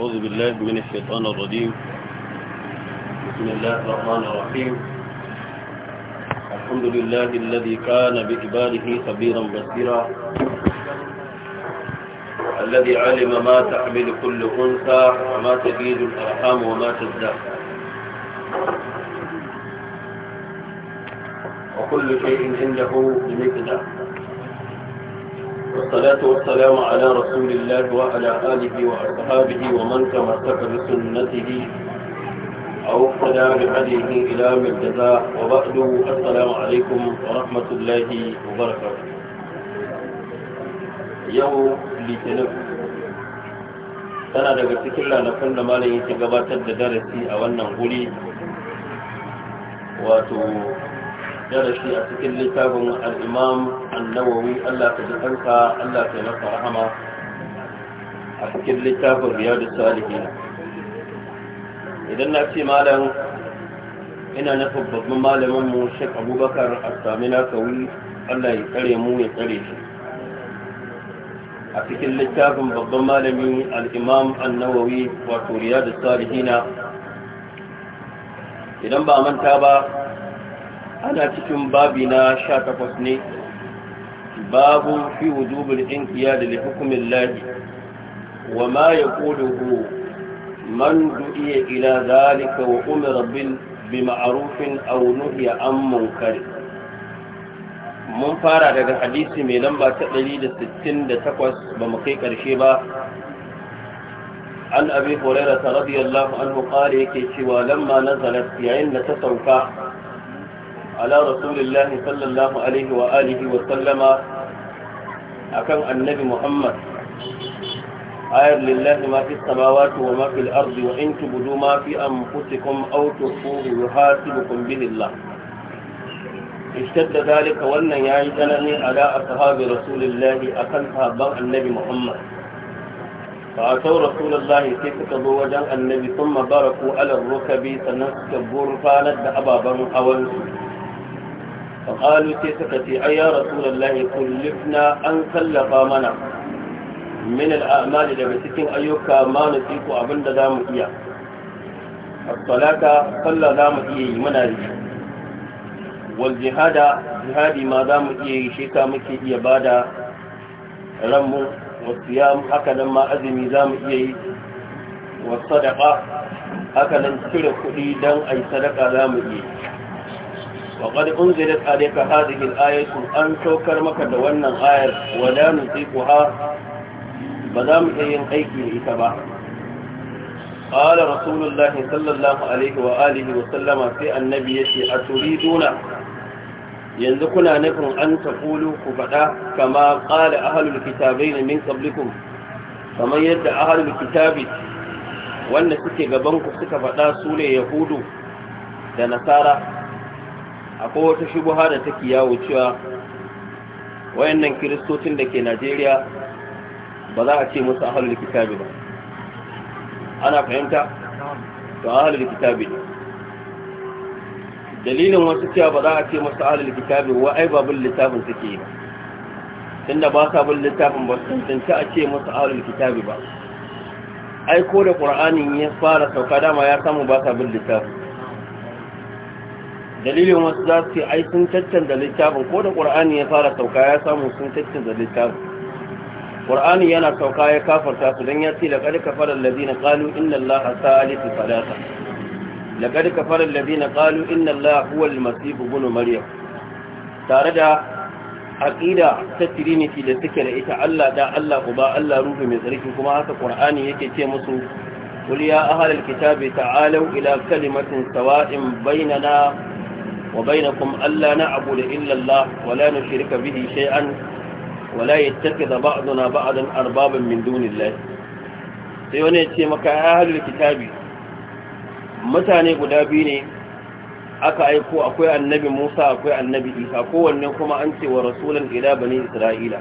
أعوذ بالله من الشيطان الرجيم بسم الله الرحمن الرحيم الحمد لله الذي كان بإباده خبيرا بصيرا الذي علم ما تحمل كل أنثى وما تجيد الأرحام وما تزداد وكل شيء عنده بمقدار والصلاة والسلام على رسول الله وعلى آله وأصحابه ومن تمسك بسنته أو اقتدى بهديه إلى من الجزاء وبعد السلام عليكم ورحمة الله وبركاته يوم لتنف tana daga cikin ranakun da malamin ya gabatar da darasi a wannan guri wato darasi a cikin littafin al'imam annawawi Allah ka jikarka Allah ka masa rahama a cikin littafin da salihi idan na ce malam ina na babban malaminmu shek abubakar a sami kawai Allah ya tsare mu ya tsare shi a cikin littafin babban malami al'imam annawawi wato riyadu salihina idan ba manta ba ana cikin babi na sha takwas ne babu fi wujubul inqiyad da hukmi lahi. wa ma yaquluhu man du'iya ila zalika wa umira bil بمعروف أو ya عن منكر mun fara daga hadisi mai lamba ta 168 ba mu kai karshe ba an abi hurairah radiyallahu anhu qala yake cewa na nazalat yayin da ta sauka على رسول الله صلى الله عليه وآله وسلم أكم النبي محمد آية لله ما في السماوات وما في الأرض وإن تبدو ما في أنفسكم أو تخفوه يحاسبكم به الله اشتد ذلك وأن يعيشنني على أصحاب رسول الله أكن صحابا النبي محمد فأتوا رسول الله كيف تبوا النبي ثم باركوا على الركب سنسك برفانة أبابا أولهم faƙalu sai suka ce ai ya rasulallahi kullifna an sallafa mana min al'amali daga cikin ayyuka ma na siku abinda za mu iya A salata salla za mu iya yi muna yi wal jihada jihadi ma za mu iya yi shi ka muke iya ba da ranmu wasu ya haka nan ma azumi za mu iya yi wasu sadaka haka nan cire kuɗi don a yi sadaka za mu iya yi faƙad unzilat alayka hadhihi al-ayatu an saukar maka da wannan ayar wala nusiquha ba za mu yin aiki da ita ba qala rasulullahi sallallahu alayhi wa alihi wa sallama fi annabi yace aturiduna yanzu kuna nufin an taqulu ku faɗa kama qala ahlul kitabain min qablikum kamar yadda ahlul kitabi wanda suke gaban ku suka faɗa su ne yahudu da nasara akwai wata shubuha da take yawo cewa wayannan kiristocin da ke najeriya ba za a ce musu ahlul kitabi ba ana fahimta to ahlul kitabi ne dalilin wasu cewa ba za a ce musu ahlul kitabi wa ai babul littafin take yi ba tunda ba sa bin littafin ba sun tantance a ce musu ahlul kitabi ba ai ko da qur'anin ya fara sauka dama ya samu ba sa bin litafin dalilin wasu za su ai sun cancanta littafin ko da ƙur'ani ya fara sauka ya samu sun cancanta littafin ƙur'ani yana sauka ya kafarta su don ya ce da ƙarƙa farar lazi na ƙalu inna Allah a sa'alifu fadata da ƙarƙa farar lazi na ƙalu inna Allah huwal masifu bunu maryam tare da aƙida ta tiriniti da suke da ita Allah da Allah uba Allah rufe mai tsarki kuma haka ƙur'ani yake ce musu قل يا أهل الكتاب تعالوا إلى كلمة سواء بيننا وبينكم ألا نعبد إلا الله ولا نشرك به شيئا ولا يتخذ بعضنا بعضا أربابا من دون الله سيوني تيمك أهل الكتاب mutane guda biyu ne aka aiko akwai annabi Musa akwai annabi Isa kowanne kuma an ce wa rasulan ila bani Isra'ila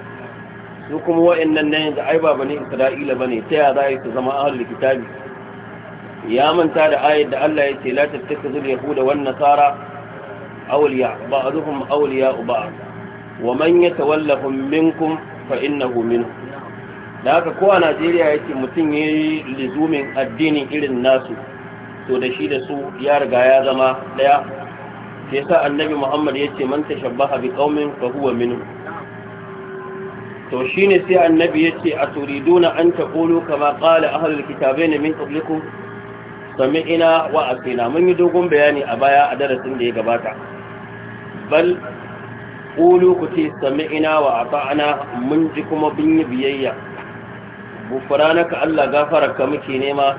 su kuma wa'annan nan da ai ba bani Isra'ila bane ta ya za su zama ahlul kitabi ya manta da ayat da Allah ya ce la tattakhizul yahuda wan أولياء بعضهم أولياء بعض ومن يتولهم منكم فإنه منهم da haka kowa najeriya yake mutum ya yi lizumin addinin irin nasu to da shi da su ya riga ya zama daya ke yasa annabi muhammad ya ce man tashabbaha bi qaumin fa huwa minhum to shine sai annabi ya ce aturiduna an taqulu kama qala ahlul kitabaini min qablikum sami'ina wa atina mun yi dogon bayani a baya a darasin da ya gabata bal ƙulu ku ce sami'ina wa ata'ana mun ji kuma bin yi biyayya ka Allah gafararka muke nema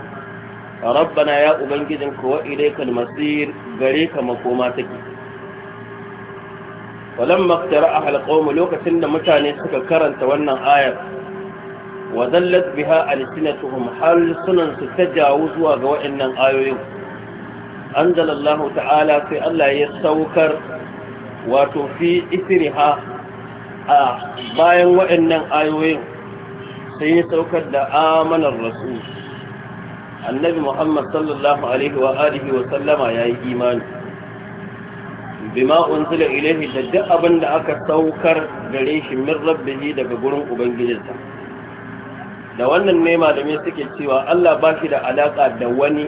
rabbana ya ubangijin ka wa ilaikal masir gare ka makoma take walamma a alqawm lokacin da mutane suka karanta wannan ayar wa dallat biha alsinatuhum hal sunan su tajawu zuwa ga waɗannan ayoyin anzalallahu ta'ala sai Allah ya saukar wato fi ha a bayan waɗannan ayoyin sai ya saukar da amanar rasu. annabi muhammad sallallahu alaihi wa alihi wa sallama ya yi imani bima unzila ilaihi da duk abin da aka saukar gare shi min rabbihi daga gurin ubangijinsa da wannan ne malamai suke cewa Allah ba shi da alaka da wani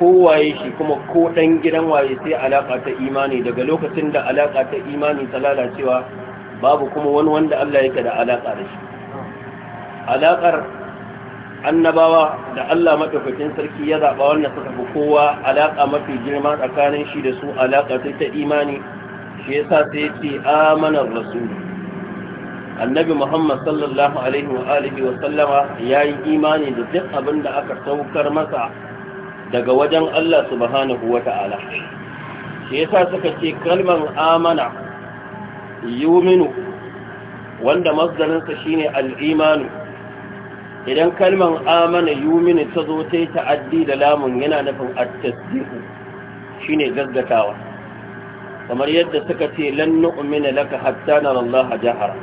kowaye shi kuma ko ɗan gidan waye sai alaƙa ta imani daga lokacin da alaƙa ta imani ta lalacewa babu kuma wani wanda Allah yake da alaƙa da shi alaƙar annabawa da Allah maɗaukakin sarki ya zaɓa wanda suka fi kowa alaƙa mafi girma tsakanin shi da su alaƙa ta ta imani shi yasa sai ce amanar rasulu annabi muhammad sallallahu alaihi wa alihi wa sallama ya yi imani da duk abin da aka saukar masa daga wajen Allah subhanahu wa ta'ala shi yasa suka ce kalmar amana yuminu wanda shi ne al'imanu idan kalmar amana yuminu ta zo ta yi ta'addi da lamun yana nufin attasdiku ne gaggatawa kamar yadda suka ce lannu'umina laka hatta na Allah jahara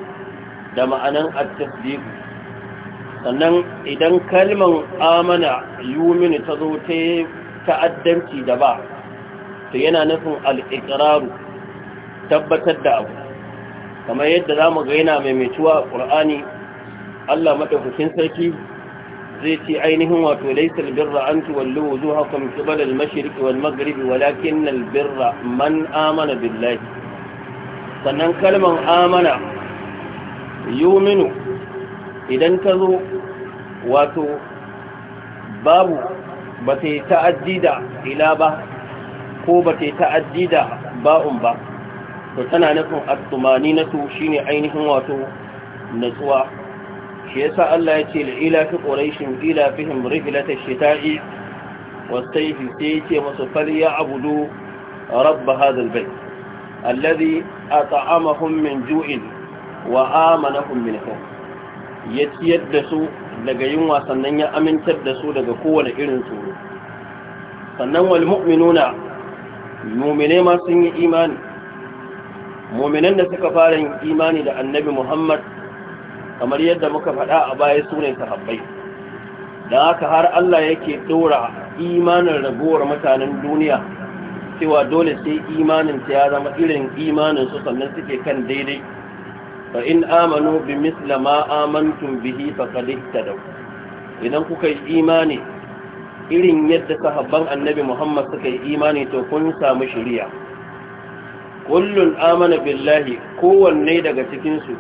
da ma'anan attasdiku sannan idan kalman amana yuminu ta zo ta ta'addanci da ba to yana nufin al’iƙararu tabbatar da abu kamar yadda za mu gaina maimaituwa a ƙur'ani allah maɗaukakin sarki zai ce ainihin wato laisar birra an tuwallo zuwa, hakan kibar al-mashirki wal magharibi walakin man amana billahi sannan kalmar amana yuminu idan ta zo wato babu ba ta yi ta'addi da ila ba ko ba ta yi ta'addi da ba'un ba to tana nufin attumani na su shi ne ainihin wato natsuwa shi yasa Allah ya ce la'ila fi ƙorashin ila fihim shi shita'i wasaifi sai ya ce masu fariya do rabba hadal bai allazi a ta'amahun min ju'in wa amanahun min ya ciyar da su daga yin wasannan ya amintar da su daga kowane irin tsoro sannan wal mu'minuna mu'mine ma sun yi imani mu'minan da suka fara yin imani da annabi Muhammad kamar yadda muka faɗa a baya su ne sahabbai da haka har Allah yake ɗora imanin raguwar mutanen duniya cewa dole sai imanin ta ya zama irin imanin su sannan suke kan daidai fa in amanu bi misla ma amantum bihi faqad ihtadaw idan kuka yi imani irin yadda sahabban annabi Muhammad suka yi imani to kun samu shirya. kullun amana billahi kowanne daga cikinsu.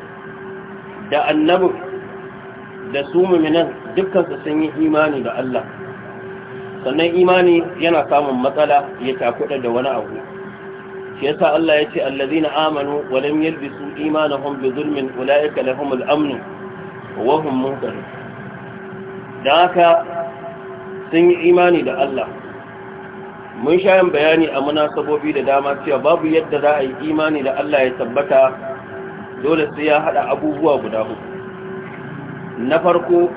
da annabi da su mu'minan sun yi imani da Allah sannan imani yana samun matsala ya takuɗa da wani abu shi yasa Allah ya ce na amanu wa lam yalbisu imanahum bi zulmin ulaika da al-amn wa hum muhtadun dan haka sun yi imani da Allah mun shayin bayani a munasabobi da dama cewa babu yadda za a yi imani da Allah ya tabbata dole sai ya haɗa abubuwa guda uku na farko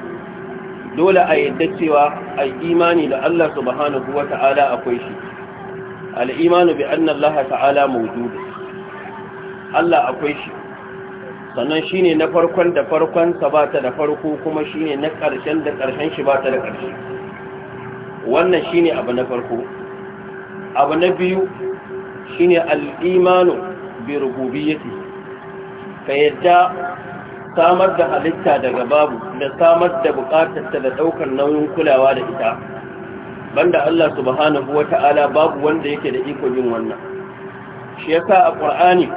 dole a yadda cewa a imani da Allah subhanahu wata'ala akwai shi al'imanu bi annan laha ta'ala maududu. Allah akwai shi sannan shi ne na farkon da farkonsa ba ta da farko kuma shi ne na ƙarshen da ƙarshen shi ba ta da ƙarshe wannan shi ne abu na farko abu na biyu shi ne al'imanu bi rububiyyati ka yadda samar da halitta daga babu da samar da bukatarta da ɗaukar nauyin kulawa da ita banda Allah subhanahu ta'ala babu wanda yake da iko yin wannan shi yasa a Qur'ani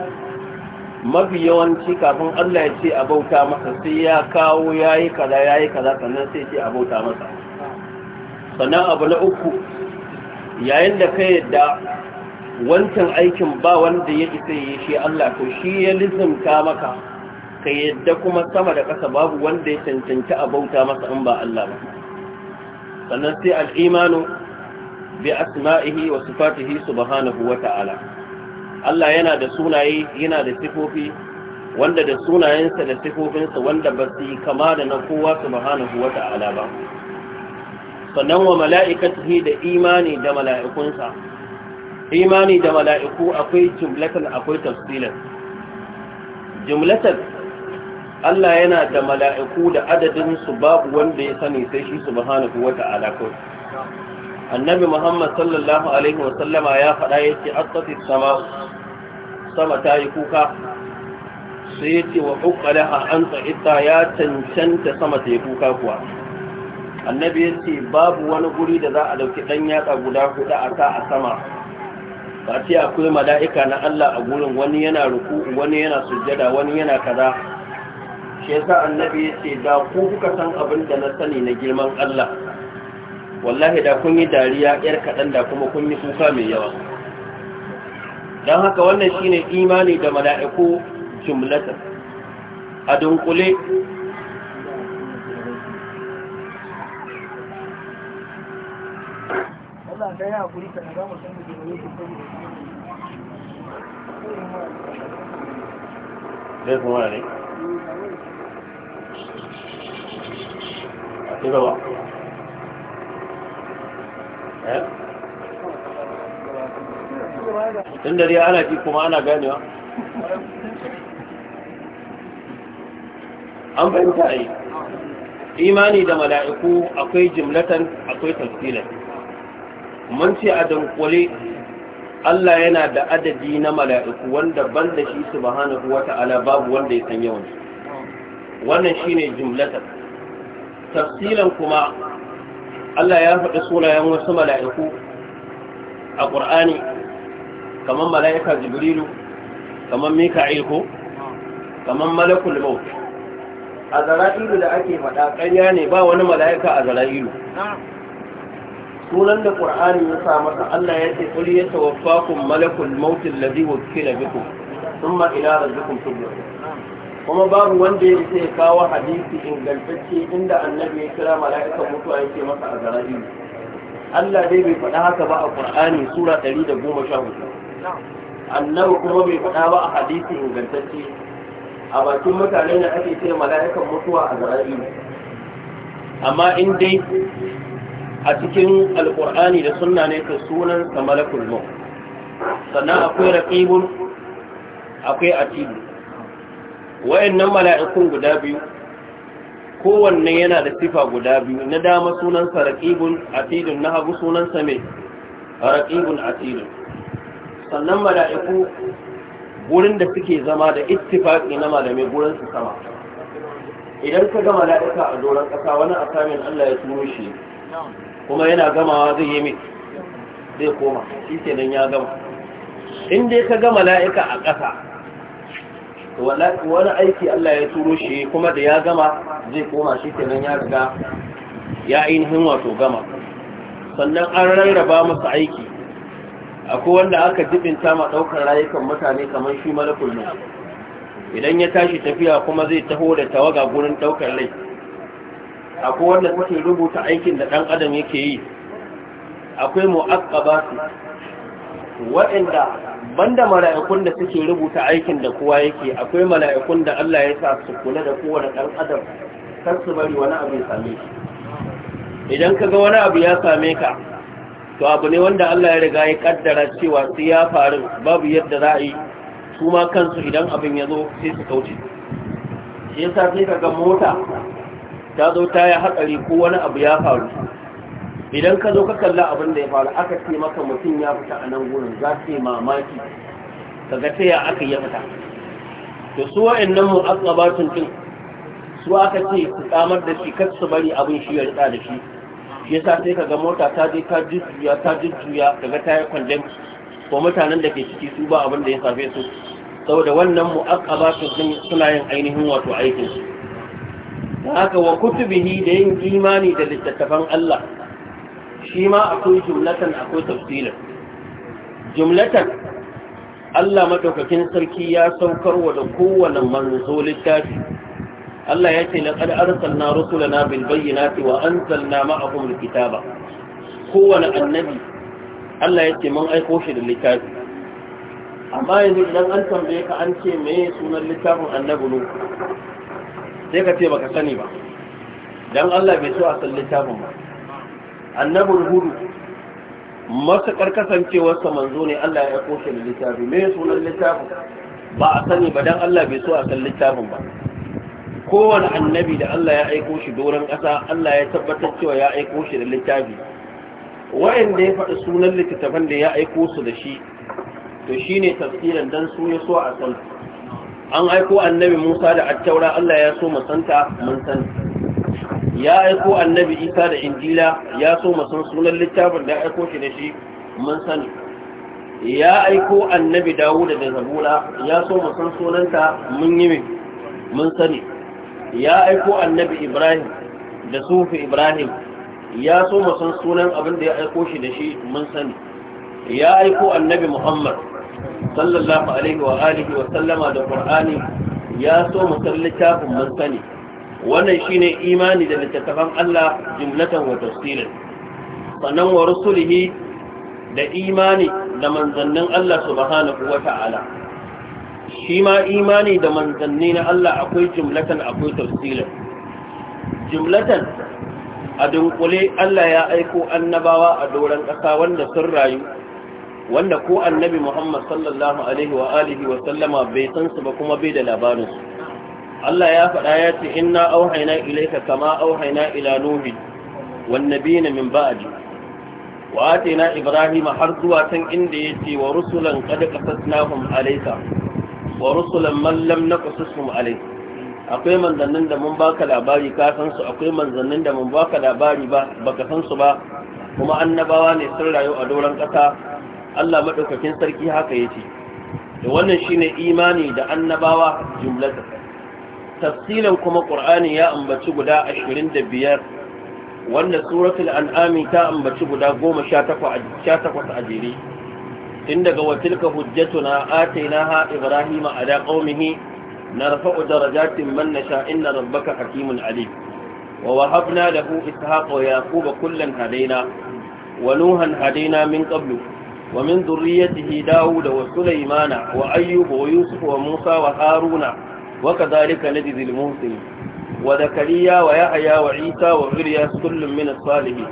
mafi yawanci kafin Allah ya ce a bauta masa sai ya kawo yayi kaza yayi kaza sannan sai ce a bauta masa sannan abu na uku yayin da ka yadda wancan aikin ba wanda ya isa yi shi Allah to shi ya lizimta maka ka yadda kuma sama da ƙasa babu wanda ya cancanci a bauta masa in ba Allah ba sannan sai al'imanu bi asma'ihi wa sifatihi subhanahu wa ta'ala Allah yana da sunaye yana da sifofi wanda da sunayensa da sifofinsa wanda ba su yi kama da na kowa subhanahu wa ta'ala ba sannan wa mala'ikatihi da imani da mala'ikunsa imani da mala'iku akwai jumlatan akwai tafsilan jumlatan Allah yana da mala'iku da adadin su babu wanda ya sani sai shi subhanahu wata'ala kawai annabi Muhammad sallallahu alaihi wa ya faɗa yace asati sama sama ta yi kuka sai yace wa a an ta'ita ya cancanta sama ta yi kuka kuwa annabi yace babu wani guri da za a ɗauki ɗan yatsa guda hudu a ta a sama ba ce akwai mala'ika na Allah a gurin wani yana ruku wani yana sujjada wani yana kaza shi yasa annabi ya ce da ku kuka san abin da na sani na girman Allah wallahi da kun yi dariya yar kaɗan da kuma kun yi kuka mai yawa don haka wannan shine imani da mala'iku jumlatan a dunkule إذا واحد eh? tun dare ana ji kuma ana ganewa an fahimta yi imani da mala'iku akwai jimlatan akwai tafsilan mun ce a dankwale Allah yana da adadi na mala'iku wanda ban da shi subhanahu wata'ala babu wanda ya san yawan wannan shine jimlatan tafsilan kuma Allah ya faɗi sunayen wasu mala'iku a ƙur'ani kamar mala'ika jibrilu kamar mika ko kamar malakul maut a zara'ilu da ake faɗa ƙanya ne ba wani mala'ika a zara'ilu sunan da ƙur'ani ya samu ta Allah ya ce Kuli ya tawaffa kun malakul mautin lazi wakila bikin sun ma da zukun tubu kuma babu wanda ya isa kawo hadisi ingantacce inda annabi ya kira mala'ikan mutuwa ya ce masa a zarabi Allah dai bai faɗa haka ba a Qur'ani sura 114 annabi kuma bai faɗa ba a hadisi ingantacce a bakin mutane da ake kira mala'ikan mutuwa a zarabi amma in dai a cikin alƙur'ani da sunna ne ta sunan sa malakul sannan akwai raqibun akwai atibu Wa'annan mala'ikun guda biyu kowanne yana da sifa guda biyu na dama sunansa raqibun atidun na hagu sunansa mai raqibun atidun sannan mala'iku gurin da suke zama da ittifaqi na malamai gurin su sama idan ka gama mala'ika a doron ƙasa wani asamin Allah ya turo shi kuma yana gamawa zai yi mai zai koma shi nan ya gama in dai ka gama mala'ika a ƙasa wani aiki Allah ya turo shi kuma da ya gama zai koma shi nan ya riga ya ainihin wato gama sannan an rarraba masa aiki akwai wanda aka jibinta ma daukar rayukan mutane kamar shi malakul ne idan ya tashi tafiya kuma zai taho da tawaga gurin daukar rai akwai wanda take rubuta aikin da dan adam yake yi akwai mu'aqqabatu waɗanda banda mala'ikun da suke rubuta aikin da kowa yake akwai mala'ikun da Allah ya sa su kula da kowane ɗan adam kar su bari wani abu ya same shi idan ka ga wani abu ya same ka to abu ne wanda Allah ya riga ya kaddara cewa sai ya faru babu yadda za a yi su ma kansu idan abin ya zo sai su kauce shi yasa sai ka ga mota ta zo ta yi hatsari ko wani abu ya faru idan ka zo ka kalla abin da ya faru aka ce maka mutum ya fita a nan gurin za su yi mamaki ka ga ta aka ya fita to su nan mu akabatun din su aka ce su tsamar da shi kar su bari abin shi ya rika da shi shi yasa sai ka ga mota ta je ta jujjuya ta jujjuya ka ga ta yi kwandon ko mutanen da ke ciki su ba abin da ya safe su saboda wannan mu mu'aqqabatu din suna yin ainihin wato aikin su haka wa kutubihi da yin imani da littattafan Allah shi ma akwai jumlatan akwai tafsilin jumlatan Allah madaukakin sarki ya saukarwa da kowane manzo littafi Allah ya ce na arsalna na bil bayyinati wa anzalna ma'ahum al kitaba kowane annabi Allah ya ce mun aiko shi da littafi amma yanzu idan an tambaye ka an ce me sunan littafin annabi nu sai ka ce baka sani ba dan Allah bai so a san littafin ba annabin hudu matuƙar kasancewarsa manzo ne Allah ya koshe da littafi mai sunan littafin ba a sani ba don Allah bai so a san littafin ba kowane annabi da Allah ya aiko shi doron ƙasa Allah ya tabbatar cewa ya aiko shi da littafi wa'anda ya faɗi sunan littattafan da ya aiko su da shi to ne tafsirin dan su ya so a san an aiko annabi Musa da attaura Allah ya so mu santa mun santa ya aiko annabi isa da injila ya so masan sunan littafin da aiko shi da shi mun sani ya aiko annabi dawuda da zabura ya so masan sunanta mun yi mun sani ya aiko annabi ibrahim da sufi ibrahim ya so masan sunan abin da ya aiko shi da shi mun sani ya aiko annabi muhammad sallallahu alaihi wa alihi wa sallama da qur'ani ya so masan littafin mun sani wannan shi ne imani da littattafan Allah jumlatan wa tafsirin sannan wa rusulihi da imani da manzannin Allah subhanahu wa ta'ala shi ma imani da manzanni na Allah akwai jimlatan akwai tafsirin Jimlatan a dunkule Allah ya aiko annabawa a doron ƙasa wanda sun rayu wanda ko annabi Muhammad sallallahu alaihi wa alihi wa sallama bai san su ba kuma bai da labarinsu Allah ya faɗa ya ce inna auhaina ilayka kama auhaina ila nuhi wan nabiyina min ba'di wa atina ibrahima har zuwa can inda yace wa rusulan qad qasasnahum alayka wa rusulan man lam naqasushum alayka akwai manzannin da mun baka labari ka san su akwai manzannin da mun baka labari ba baka san su ba kuma annabawa ne sun rayu a doron ƙasa Allah madaukakin sarki haka yace da wannan shine imani da annabawa jumlatan tafsilin kuma ƙur'ani ya ambaci guda ashirin da biyar wanda suratul an'ami ta ambaci guda goma sha takwas a jere tun daga watilka hujjatuna atainaha ibrahima ala qaumihi narfa'u darajatin man nasha inna rabbaka hakimun alim wa wahabna lahu ishaqa wa yaquba kullan hadaina wa nuhan hadaina min qablu wa ذريته wa وسليمان wa Musa wa وهارون وكذلك نجزي المحسنين وذكريا ويحيى وعيسى وغيريا كل من الصالحين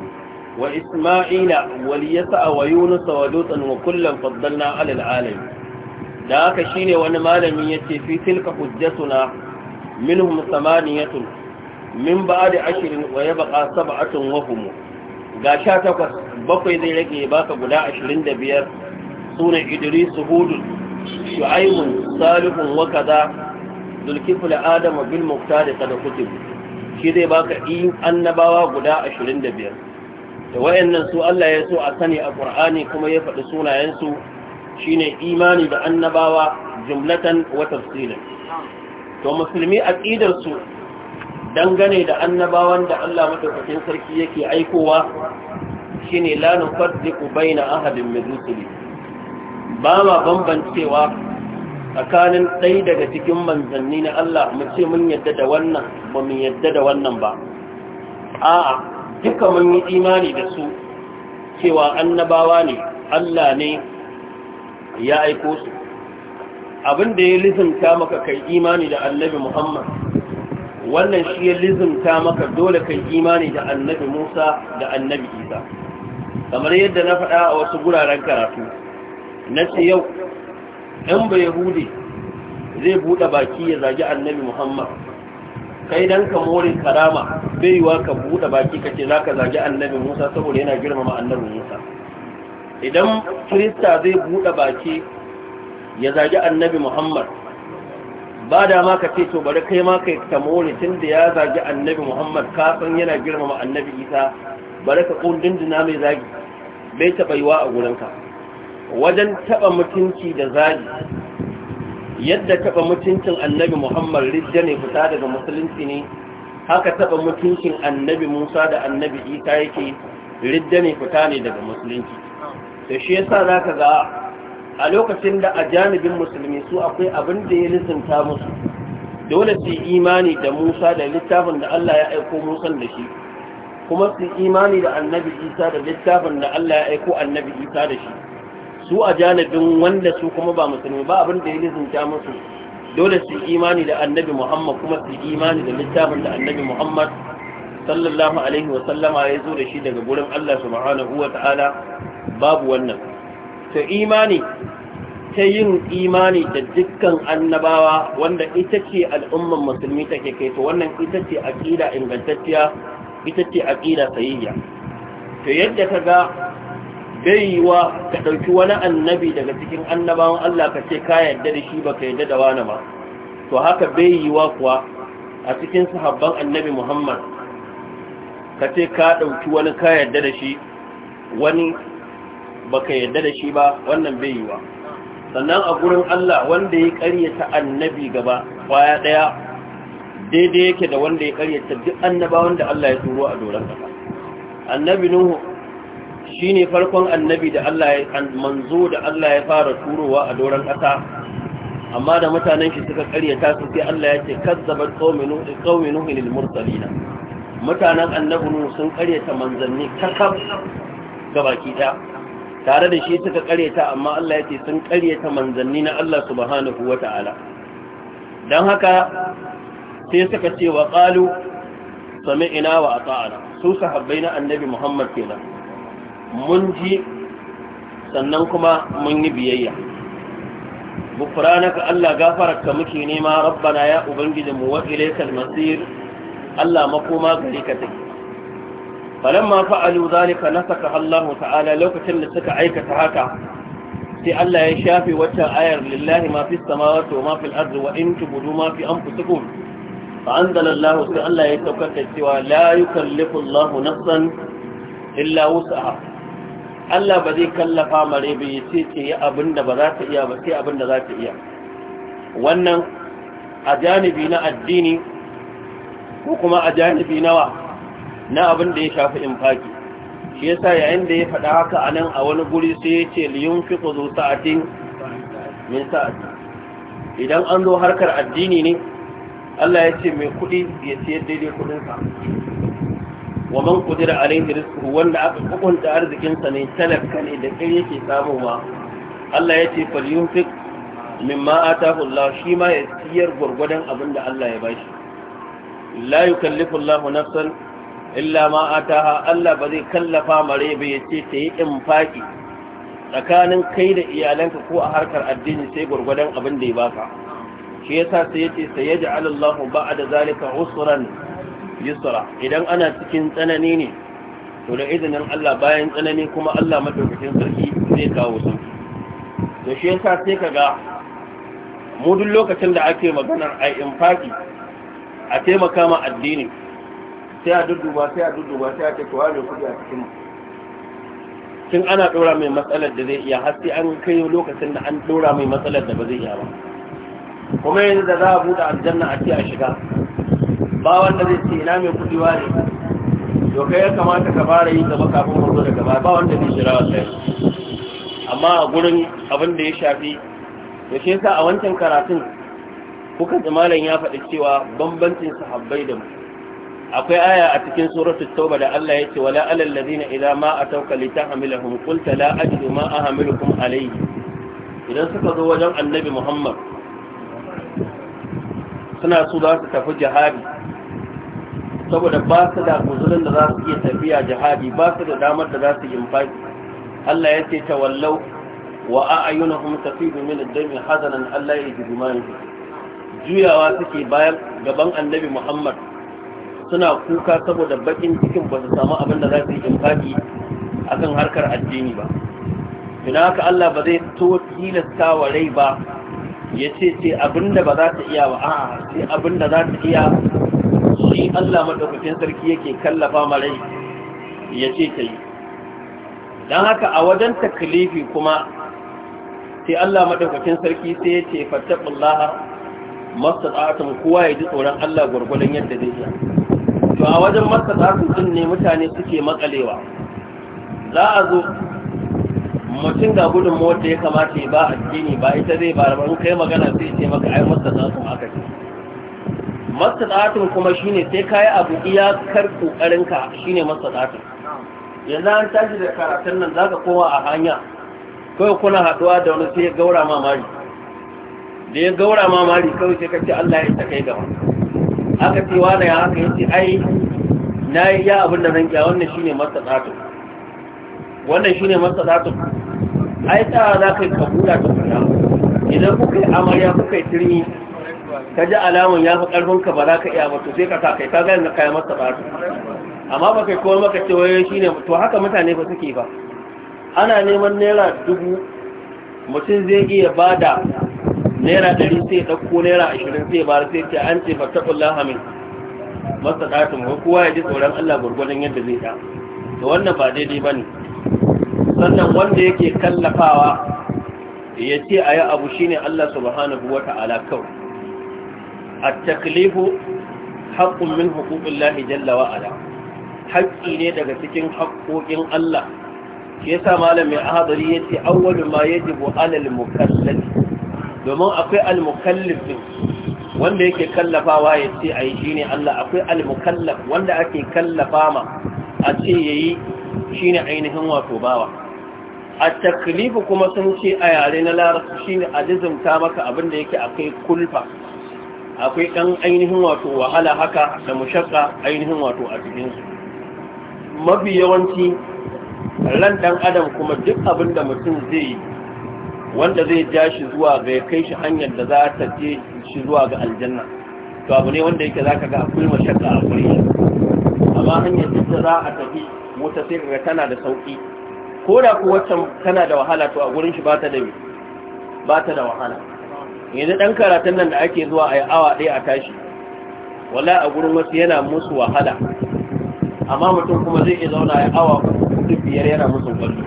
وإسماعيل وليسع ويونس ولوطا وكلا فضلنا على العالم ذاك شيني وانا مالمي يتي في تلك حجتنا منهم ثمانية من بعد عشر ويبقى سبعة وهم غاشا تقص بقي ذي لك يباك بلا عشرين دبير سون إدريس هود شعيب صالح وكذا zulkiful adama bil muqtadi da kutib shi zai baka in annabawa guda 25 da wayannan su Allah ya so a sani a Qur'ani kuma ya faɗi sunayensu, su shine imani da annabawa jumlatan wa tafsilan to musulmi aqidar su dangane da annabawan da Allah madaukakin sarki yake aikowa shine la nufaddiqu baina ahadin min rusuli ba ma bambancewa tsakanin ɗaya daga cikin manzanni na Allah mu ce mun yadda da wannan ba mu yadda da wannan ba a'a duka mun yi imani da su cewa annabawa ne Allah ne ya aiko su abin da ya lizinta maka kai imani da annabi Muhammad wannan shi ya lizinta maka dole kai imani da annabi Musa da annabi Isa kamar yadda na faɗa a wasu guraren karatu na ce yau yan bai yahudi zai buɗe baki ya zagi annabi muhammad kai dan ka more karama bai yiwa ka buɗe baki ka ce za ka zagi annabi musa saboda yana girmama annabi musa idan kirista zai buɗe baki ya zagi annabi muhammad ba da ma ka ce to bari kai ma yi ta more tun da ya zagi annabi muhammad kafin yana girmama annabi isa bari ka kundin dina mai zagi bai taɓa yiwa a gurinka wajen taɓa mutunci da zagi, yadda taɓa mutuncin annabi muhammad rijja ne fita daga musulunci ne haka taɓa mutuncin annabi musa da annabi isa yake rijja ne fita ne daga musulunci da shi yasa za ka ga a lokacin da a janibin musulmi su akwai abin da ya lissinta musu dole su imani da musa da littafin da allah ya aiko musan da shi kuma su imani da annabi isa da littafin da allah ya aiko annabi isa da shi su a janibin wanda su kuma ba musulmi ba abin da ya lizinta musu dole su imani da annabi muhammad kuma su imani da littafin da annabi muhammad sallallahu alaihi wasallama ya zo da shi daga gurin allah subhanahu wa ta'ala babu wannan to imani ta yin imani da dukkan annabawa wanda ita ce al'umman musulmi take kai to wannan ita ce aqida ingantacciya ita ce aqida sayayya, to yadda ka ga bai ka ɗauki wani annabi daga cikin annabawan Allah ka ce ka yarda da shi ba ka yarda da wani ba to haka bai kuwa a cikin sahabban annabi Muhammad ka ce ka ɗauki wani ka yarda da shi wani ba ka yarda da shi ba wannan bai sannan a gurin Allah wanda ya ƙaryata annabi gaba kwaya ɗaya daidai yake da wanda ya ƙaryata duk annabawan da Allah ya turo a doron ƙasa annabi Nuhu shi ne farkon annabi da Allah ya manzo da Allah ya fara turowa a doron ƙasa amma da mutanen shi suka karyata su sai Allah ya ce kazzabat qawminu qawminu lil mursalina mutanen annabi sun karyata manzanni kakab gabaki da tare da shi suka karyata amma Allah ya ce sun karyata manzanni na Allah subhanahu wataala dan haka sai suka ce wa qalu sami'na wa ata'na su sahabbai na annabi Muhammad kenan mun ji sannan kuma mun yi biyayya gufranaka Allah gafararka muke nema rabbana ya ubangijinmu wa ilaikal masir Allah makoma gari ka take falamma fa'alu zalika nasaka Allah ta'ala lokacin da suka aikata haka sai Allah ya shafe wata ayar lillahi ma fi samawati wa ma fil ardi wa in tubudu ma fi anfusikum fa anzala Allah sai Allah ya saukar da cewa la yukallifu Allah nafsan illa wus'aha Allah ba zai kallafa mare bai ya ce ce yi abin da ba za ta iya ba sai abin da za ta iya wannan a janibi na addini ko kuma a janibi nawa na abin da ya shafi infaki shi yasa yayin da ya faɗa haka a nan a wani guri sai ya ce liyun fi ƙuzo sa'atin min sa'ati idan an zo harkar addini ne Allah ya ce mai kuɗi ya ce daidai kuɗinsa wa man kudira alaihi rizquhu wanda aka hukunta arzikinsa ne talaka ne da kai yake samuwa Allah ya ce falyunfik mimma atahu Allah shi ma ya siyar gurgudan abin da Allah ya bashi la yukallifu Allahu nafsan illa ma ataha Allah ba zai kallafa mare ba ya ce ta yi infaki tsakanin kai da iyalanka ko a harkar addini sai gurgudan abin da ya baka shi yasa sai yace sayaj'alallahu ba'da zalika usran yusra idan ana cikin tsanani ne to da izinin Allah bayan tsanani kuma Allah madaukakin sarki zai kawo su to shi yasa sai kaga mu duk lokacin da ake maganar ai infaki a taimaka ma addini sai a dudduba sai a dudduba sai a ce kowa ne kudi a cikin kin ana dora mai matsalar da zai iya har sai an kai lokacin da an dora mai matsalar da ba zai iya ba kuma yanzu da za a buɗe aljanna a ce a shiga ba wanda zai ce ina mai kudi ware to kai ya kamata ka fara yi gaba kafin mu da gaba ba wanda zai jira wallahi amma a gurin abin da ya shafi da shi yasa a wancan karatun kuka ji malam ya faɗi cewa bambancin sahabbai da mu akwai aya a cikin suratul tauba da Allah ya ce wala alal ladina idza ma atawka litahmiluhum qulta la ajidu ma ahmilukum alayhi idan suka zo wajen annabi Muhammad suna su za su tafi jihadi saboda ba su da kuzurin da za su iya tafiya jihadi ba su da damar da za su yi infaki Allah ya ce tawallau wa a'yunuhum tafidu min ad-dami hazanan Allah ya ji gumani juyawa suke bayan gaban Annabi Muhammad suna kuka saboda bakin cikin ba su samu abin da za su yi infaki akan harkar addini ba Ina haka Allah ba zai to tilasta wa rai ba ya ce sai abinda ba za ta iya ba a'a sai abinda za ta iya matsayi Allah madaukakin sarki yake kallafa marai ya ce ta yi don haka a wajen takalifi kuma sai Allah madaukakin sarki sai ya ce masu tsatsun kowa ya ji tsoron Allah gwargwadon yadda zai iya to a wajen tsatsun sun ne mutane suke matsalewa. za a zo mutum ga gudun mota ya kamata ya ba jini, ba ita zai ba rabar kai magana sai ce maka ai tsatsun aka ce mastata'atun kuma shine sai kayi abu iya iyakar kokarinka shine mastata'atun yanzu an tashi da karatun nan zaka koma a hanya kawai kuna haduwa da wani sai ya gaura ma mari da ya gaura ma mari kawai sai kace Allah ya ta kai gaba aka ce wani ya haka yace ai nayi ya abin da zan kiya wannan shine mastata'atun wannan shine mastata'atun ai ta za ka yi kabula ta kuma idan kuka yi amarya kuka yi turmi ka ji alamun ya fi ka ba za ka iya mutu sai ka sa kai ka gani na kaya masa ba amma ba kai kowa maka ce waye shi ne to haka mutane ba suke ba ana neman naira dubu mutum zai iya ba da naira ɗari sai ɗauko naira ashirin sai ba sai ce an ce fatakun lahamin masa ɗatin ko kowa ya ji tsoron allah gwargwadon yadda zai ɗa Da wannan ba daidai ba ne sannan wanda yake kallafawa ya ce a yi abu shine allah subhanahu wa ta'ala kawai التكليف حق من حقوق الله جل وعلا haƙƙi ne daga cikin haƙƙoƙin Allah shi yasa malamin ahadari yace awwalu ma yajibu alal mukallaf domin akwai al mukallaf wanda yake kallafawa ya ce a yi shi ne Allah akwai almukallaf wanda ake kallafa ma a ce ya yi shi ne ainihin wato bawa a taklifu kuma sun ce a yare na larabci shi ne a lizimta maka abinda yake akwai kulfa akwai ɗan ainihin wato wahala haka da mushakka ainihin wato a cikinsu mafi yawanci ran ɗan adam kuma duk abin da mutum zai yi wanda zai ja shi zuwa ga ya kai shi hanyar da za ta je shi zuwa ga aljanna to abu ne wanda yake za ka ga akwai mashakka a kuri amma hanyar da za a tafi mota sai ga tana da sauki ko da kuwa tana da wahala to a gurin shi ba ba ta da wahala yanzu ɗan karatun nan da ake zuwa a yi awa ɗaya a tashi wala a gurin wasu yana musu wahala amma mutum kuma zai iya zauna a yi awa kudu biyar yana musu kwallo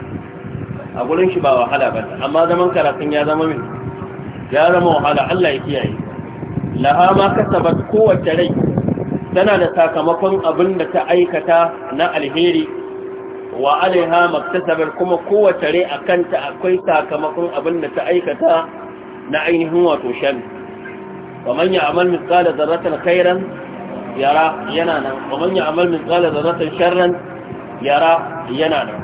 a gurin shi ba wahala ba amma zaman karatun ya zama min ya zama wahala Allah ya kiyaye laha ma kasabat kowace rai tana da sakamakon abin da ta aikata na alheri wa alaiha maktasabar kuma kowace rai a kanta akwai sakamakon abin da ta aikata na ainihin wato shan. wa manya ya'mal mithqala dharratin khairan yara yana nan wa man ya'mal mithqala dharratin sharran yara yana nan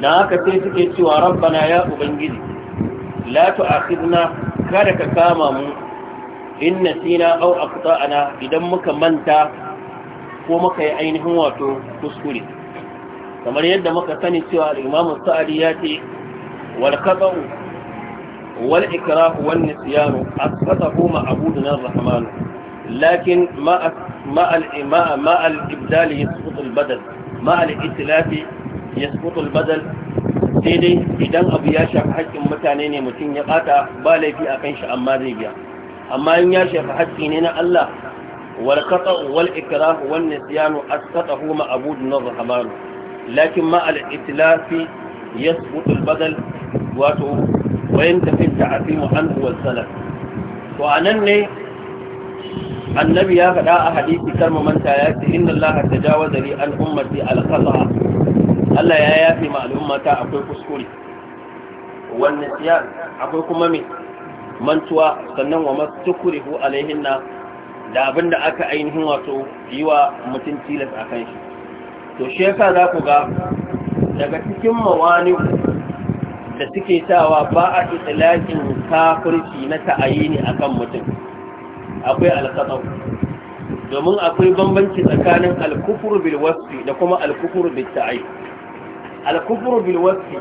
dan haka sai suke cewa rabbana ya ubangiji la tu'akhidna kada ka kama mu in nasina aw aqta'na idan muka manta ko muka yi ainihin wato kuskure kamar yadda muka sani cewa al-imam sa'adi ya ce wal khata'u wal ikrah wan nisyan asqatahu ma'buduna ar-rahman lakin ma ma al-ima ma al-ibdal yasqut al-badal ma al-itlaf yasqut al-badal sai dai idan abu ya shafi haƙƙin mutane ne mutum ya ƙata, ba laifi a kan shi amma zai biya amma in ya shafi haƙƙi ne na Allah wal qata wal ikrah wan nisyan asqatahu ma'buduna ar-rahman lakin ma al-itlaf yasqut al-badal wato wayan tafif ta'afimu anhu wal to anan ne annabi ya faɗa a hadisi karma manta ya ce inna allaha tajawaza li an ummati al qata Allah ya yafi ma akwai kuskure wannan siya akwai kuma me mantuwa sannan wa mastukrihu alaihinna da abinda aka ainihin wato yiwa wa mutum tilas akan shi to shi yasa za ku ga daga cikin mawani da suke cewa ba a itilakin kafirci na ta'ayini akan mutum akwai alkatsau domin akwai bambanci tsakanin alkufuru bil wasfi da kuma alkufuru bil ta'ayi alkufuru bil wasfi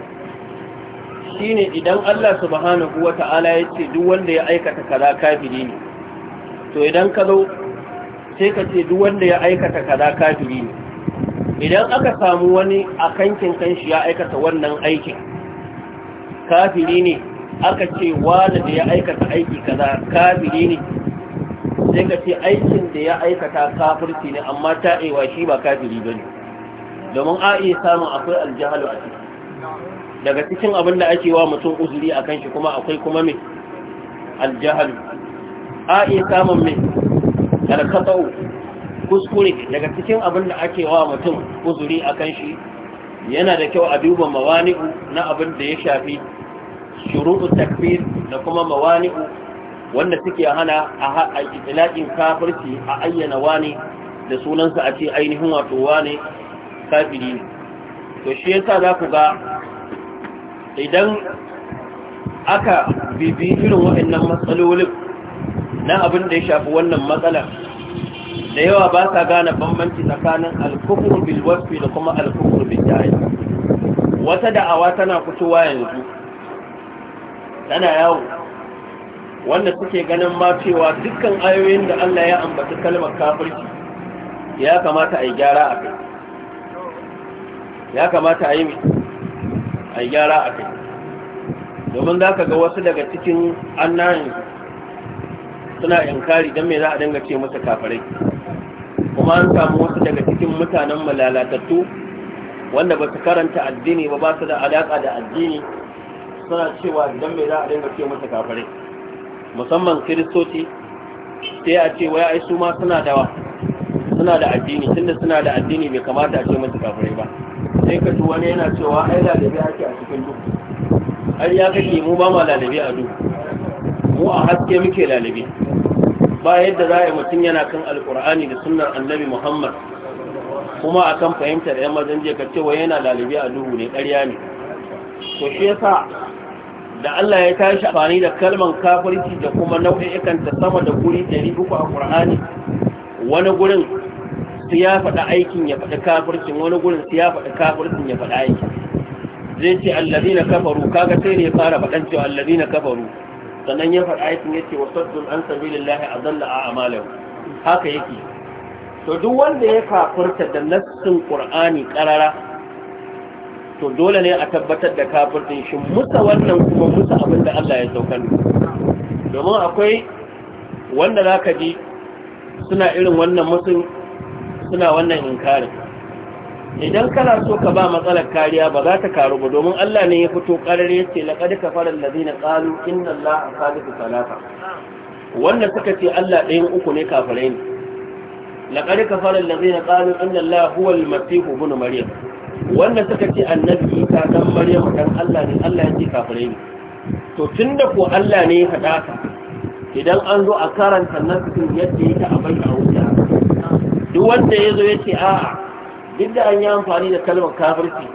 shine idan Allah subhanahu wata'ala ya ce duk wanda ya aikata kaza kafiri ne to idan ka zo sai ka ce duk wanda ya aikata kaza kafiri ne idan aka samu wani a kankin kanshi ya aikata wannan aikin kafiri ne aka ce wani da ya aikata aiki kaza kafiri ne sai ka ce aikin da ya aikata kafirci ne amma ta aiwa shi ba kafiri ba ne domin a iya samun akwai aljihalu a ciki daga cikin abin da ake wa mutum uzuri a kan shi kuma akwai kuma mai aljihalu a iya samun mai karkatau kuskure daga cikin abin da ake wa mutum uzuri a kan shi yana da kyau a duba mawani'u na abin da ya shafi shuru'u takfir da kuma mawani'u wanda suke hana a ilaƙin kafirci a ayyana wani da sunansa a ce ainihin wato wani kafiri ne to shi yasa za ku ga idan aka bibi irin waɗannan matsalolin na abin da ya shafi wannan matsalar da yawa ba sa gane bambanci tsakanin alkufur bilwafi da kuma alkufur bil jahl wata da'awa tana fitowa yanzu tana yawo wanda suke ganin ma cewa dukkan ayoyin da Allah ya ambata kalmar kafirci ya kamata a yi gyara a kai ya kamata a yi a yi gyara a kai domin za ka ga wasu daga cikin annayin suna yankari don me za a dinga ce musu kafirai amma an samu wasu daga cikin mutanen malalatattu wanda ba su karanta addini ba ba su da alaƙa da addini suna cewa idan mai za a dinga ce mata kafare musamman kiristoci sai a ce wai ai su ma suna da suna da addini tunda suna da addini bai kamata a ce mata kafare ba sai ka ji wani yana cewa ai lalabi ake a cikin duk Har ya kake mu ba ma lalabi a duk mu a haske muke lalabi ba yadda za a mutum yana kan alkur'ani da sunnar annabi muhammad kuma a kan fahimtar yan mazan je ka cewa yana lalibi a duhu ne ƙarya ne to shi yasa da Allah ya tashi amfani da kalman kafirci da kuma nau'ikan ta sama da guri uku a ƙur'ani, wani gurin su ya faɗi aikin ya faɗi kafircin wani gurin su ya faɗi kafircin ya faɗi aikin zai ce na kafaru kaga sai ne ya fara faɗan cewa na kafaru sannan ya faɗa aikin yake wa saddun an sabilillahi lillahi a amalin haka yake to duk wanda ya kafurta da nassin ƙur'ani ƙarara, to dole ne a tabbatar da kafurtin shi musa wannan kuma musa abin Allah ya saukar domin akwai wanda za ka ji suna irin wannan mutum, suna wannan inkarin idan kana so ka ba matsalar kariya ba za ta karu ba domin Allah ne ya fito karar ya ce laqad kafara allazina qalu inna allaha salisu salata Wannan suka ce Allah ɗayan uku ne kafirai ne laqad kafara allazina qalu inna allaha huwa almasih ibn maryam Wannan suka ce annabi Isa dan maryam dan Allah ne Allah ya ce kafirai ne to tunda ko Allah ne ya faɗa ka idan an zo a karanta nasu yadda yake a bayyana duk wanda ya zo ya ce a'a duk da an yi amfani da kalmar kafirci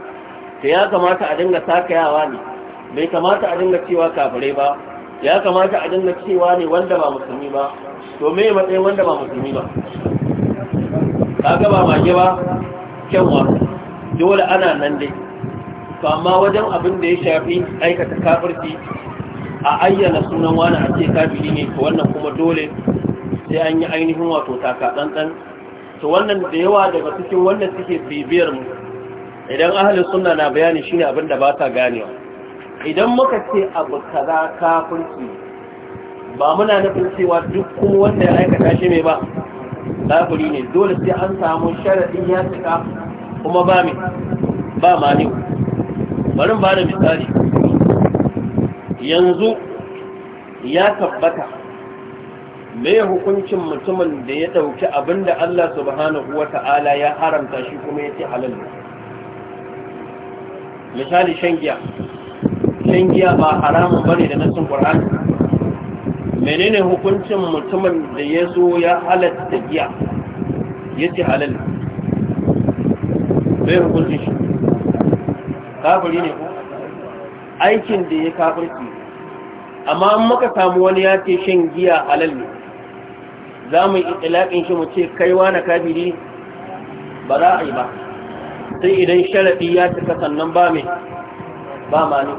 to ya kamata a dinga sakayawa ne bai kamata a dinga cewa kafirai ba ya kamata a dinga cewa ne wanda ba musulmi ba to me matsayin wanda ba musulmi ba kaga ba mage ba kyanwa dole ana nan dai to amma wajen abin da ya shafi aikata kafirci a ayyana sunan wani a ce kafiri ne to wannan kuma dole sai an yi ainihin wato taka to wannan da yawa daga cikin wannan suke bibiyar mu idan ahli sunna na bayani shine abin da ba ta ganewa idan muka ce abu kaza kafirci ba muna nufin cewa duk kuma wanda ya aikata shi mai ba kafiri ne dole sai an samu sharadin ya cika kuma ba mai ba mani bari ba da misali yanzu ya tabbata me hukuncin mutumin da ya ɗauki abin da Allah subhanahu wa ta'ala ya haramta shi kuma ya ce halal misali shan giya shan giya ba haramun bane da nasin ƙwararri menene hukuncin mutumin da ya zo ya halatta giya ya ce halal Bai hukuncin shi kafiri ne ko aikin da ya kafirki amma muka samu wani ya ce shan giya halal ne za mu yi itilaƙin shi mu ce kaiwa na kafiri ba za a yi ba sai idan sharaɗi ya cika sannan ba mai ba mani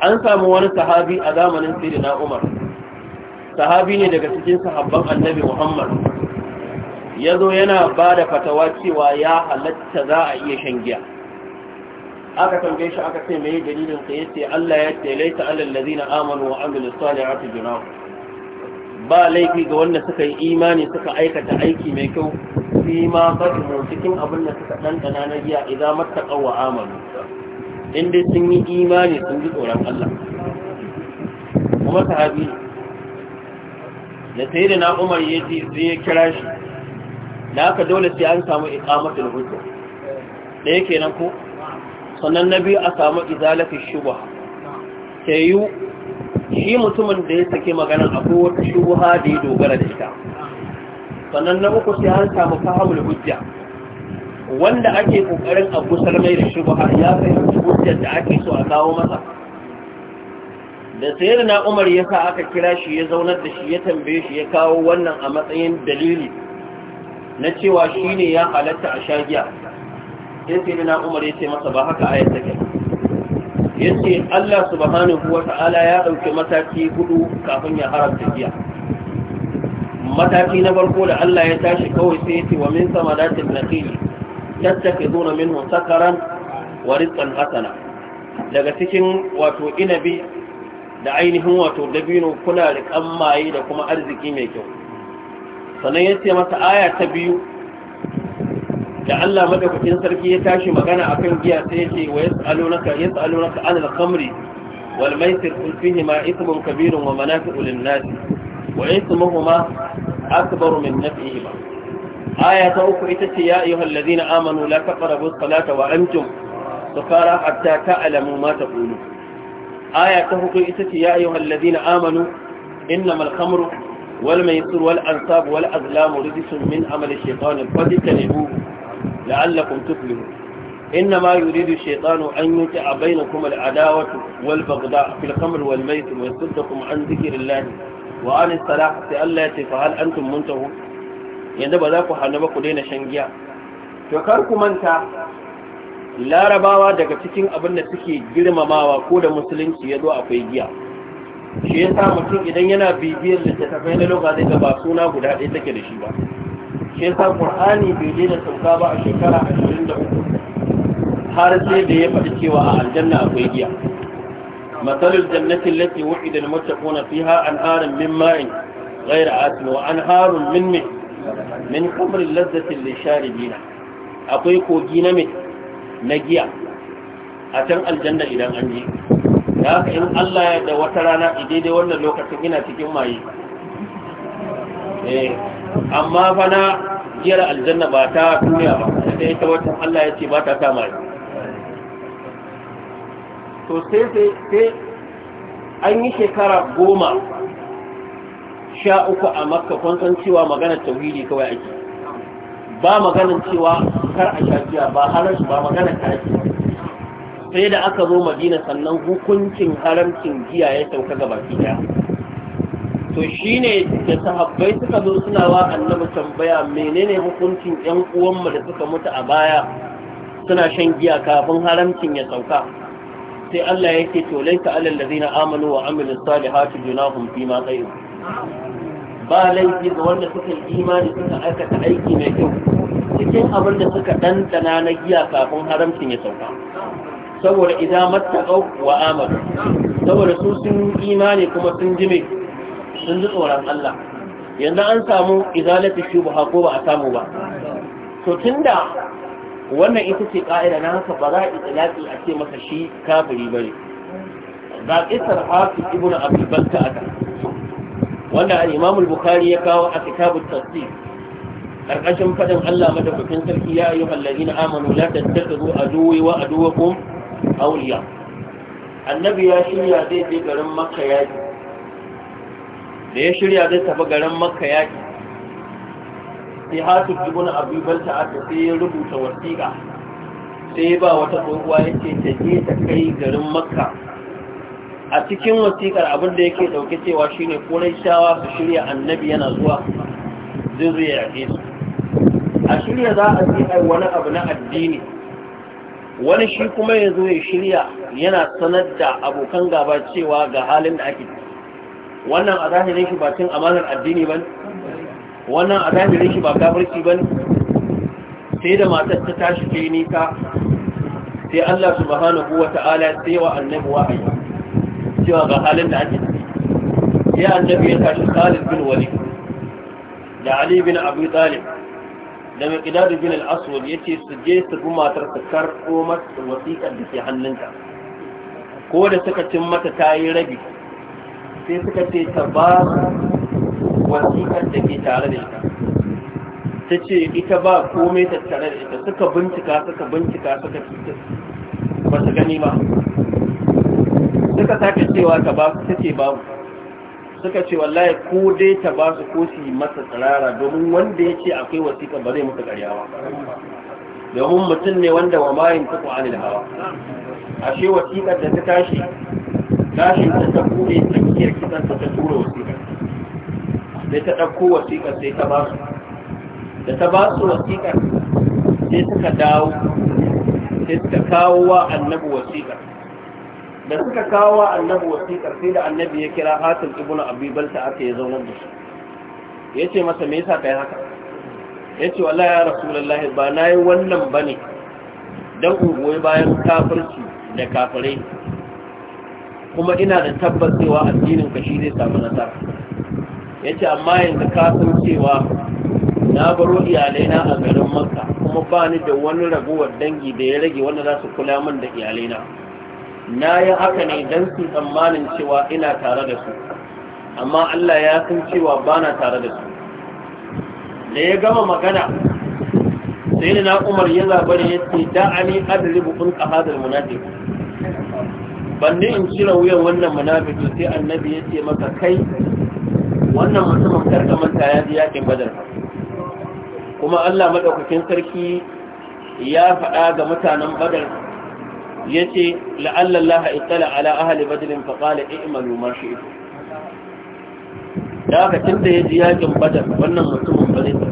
an samu wani sahabi a zamanin siri na umar sahabi ne daga cikin sahabban annabi muhammad ya zo yana ba da fatawa cewa ya halatta za a iya shan giya aka tambaye shi aka ce mai dalilin sa yace Allah ya ce laita alal ladina amanu wa amilu salihati junah ba laifi ga wanda suka yi imani suka aikata aiki mai kyau fi ma fasimu cikin abin da suka ɗanɗana na giya idan mata ƙawa amalu inda sun yi imani sun ji tsoron Allah kuma sahabi da sai da na umar ya ce sai ya kira shi da aka dole sai an samu iqamatul hujja ɗaya kenan ko sannan na biyu a samu izalatul shubha sai yi shi mutumin da ya sake maganar akwai wata shubuha da ya dogara da ita sannan na uku sai an samu fahimul hujja wanda ake kokarin abu salmai da shubuha ya fahimci hujjar da ake so a kawo masa da sayar na umar ya sa aka kira shi ya zaunar da shi ya tambaye shi ya kawo wannan a matsayin dalili na cewa shi ne ya halatta a shagiya sai sayar na umar ya ce masa ba haka ayat take yace Allah subhanahu ta'ala ya ɗauki mataki hudu kafin ya haramta jiya. mataki na farko da Allah ya tashi kawai sai yace wa min samadatin naqil tattakizuna minhu sakaran wa rizqan hasana daga cikin wato inabi da ainihin wato dabino kula da maye da kuma arziki mai kyau ya yace masa aya ta biyu da Allah madaukakin sarki ya tashi magana akan giya sai ya ce wa yas'alunaka yas'alunaka anil khamri wal maisir qul fihi ma ithmun kabirun wa manafi'u lin nas wa ithmuhuma akbaru min naf'ihima aya ta uku ita ce ya ayyuhal ladina amanu la taqrabu as-salata wa antum sukara hatta ta'lamu ma taqulun aya ta uku ita ce ya ayyuhal ladina amanu innamal khamru والميسر والأنصاب والأزلام رجس من عمل الشيطان فاجتنبوه la'allakum tuflihun إنما يريد الشيطان أن يتع بينكم العداوة والبغضاء في الخمر والميسر ويصدكم عن ذكر الله وعن الصلاة ألا فهل أنتم منتهون yanda ba za ku hana ba ku daina shan giya to kar ku manta larabawa daga cikin abin da suke girmamawa ko da musulunci ya zo akwai giya shi yasa mutum idan yana bibiyar littattafai na lokaci da ba suna guda ɗaya take da shi ba shi yasa qur'ani bai je da sauka ba a shekara 23 har sai da ya faɗi cewa a aljanna akwai giya masalul jannati allati wu'ida almuttaquna fiha anharun min ma'in ghayra asin wa anharun min min min khamrin ladzatin lisharibina akwai kogi na me na giya a can aljanna idan an je da haka in Allah ya wata rana idai wannan lokacin ina cikin maye Eh, amma fa na giyar aljanna ba ta duniya ba sai ita wata Allah ya ce ba ta kama ni to sai sai an yi shekara goma sha uku a makka kun san cewa magana tauhidi kawai ake ba maganar cewa kar a shafiya ba halar ba maganar ta ake sai da aka zo madina sannan hukuncin haramcin giya ya sauka gaba ɗaya. to shine da sahabbai suka zo suna wa annabi tambaya menene hukuncin yan uwanmu da suka mutu a baya suna shan giya kafin haramcin ya sauka sai Allah yake to laita alal ladina amanu wa amilus salihati junahum fi ma qayu ba laifi ga wanda suka imani suka aikata aiki mai kyau cikin abin da suka dandana na giya kafin haramcin ya sauka saboda idan mattaqaw wa amanu saboda su sun imani kuma sun jime. sun ji tsoron Allah yanzu an samu izalatu shubha ko ba a samu ba to tunda wannan ita ce ka'ida na haka ba za a itilaki a ce masa shi kafiri bane ga kisar hafiz ibnu abdul bakka aka wanda al-imam al-bukhari ya kawo a kitabut tafsir karkashin fadin Allah madaukakin sarki ya ayyuhal ladina amanu la tattakhidhu aduwwi wa aduwwakum awliya annabi ya shirya zai je garin makka yaji da ya shirya zai tafi garin makka yaƙi sai hatu ibn abi balta aka sai ya rubuta wasiƙa sai ya ba wata tsohuwa ya ce ta je ta kai garin makka a cikin wasiƙar abinda yake ɗauke cewa shine kurai shawa su shirya annabi yana zuwa zai ya yaƙe su a shirya za a ce ai wani abu na addini wani shi kuma ya zo ya shirya yana sanar da abokan gaba cewa ga halin da ake wannan a zahirin shi ba cin amanar addini ba wannan a zahirin shi ba kafirci ba sai da matar ta tashi ce ni sai Allah subhanahu wa ta'ala sai wa annabi wahayi cewa ga halin da ake sai annabi ya tashi Khalid bin Wali. da Ali bin Abi Talib da Miqdad bin al-Aswad yace su je su bi matar su karɓo mata wasiƙar da ke hannunta ko da suka cin mata tayi rabi sai suka ce ta ba wasiƙar da ke tare da ita ta ce ita ba komai tattare da ita suka bincika suka bincika suka cutar ba su gani ba suka sake cewa ta ba su ce ba suka ce wallahi ko dai ta ba su ko su masa tsirara domin wanda ya ce akwai wasiƙa ba zai mutu karyawa domin mutum ne wanda wa mayin ta ƙwani hawa ashe wasiƙar da ta tashi tashin ta ta kuɗe ta ya kisanta ta tura wasiƙa sai ta ɗauko wasiƙa sai ta ba su da ta ba su wasiƙa sai suka dawo sai suka kawo wa annabi wasiƙa da suka kawo wa annabi wasiƙa sai da annabi ya kira hatin ibn abu balta aka yi zaunar da su, ya ce masa me yasa kai haka ya ce wallahi ya rasu lallahi ba na yi wannan ba ne don unguwai bayan kafirci da kafirai kuma ina da tabbas cewa addinin ka shi zai samu nasara yace amma yanzu ka san cewa na baro iyalaina a garin Makka kuma ba ni da wani raguwar dangi da ya rage wanda za su kula min da iyalaina na yi haka ne dan su tsammanin cewa ina tare da su amma Allah ya san cewa ba na tare da su da ya gama magana sai na umar ya zabari ya ce da'ani adribu kun qahadul munafiq banni in cire wuyan wannan munafiki sai annabi ya ce maka kai wannan mutumin karka manta ya ji yakin badar kuma Allah madaukakin sarki ya faɗa ga mutanen badar ya ce la'allallaha ittala ala ahli badrin fa qala i'malu ma shi'tu da haka tunda ya ji yakin badar wannan mutumin badar.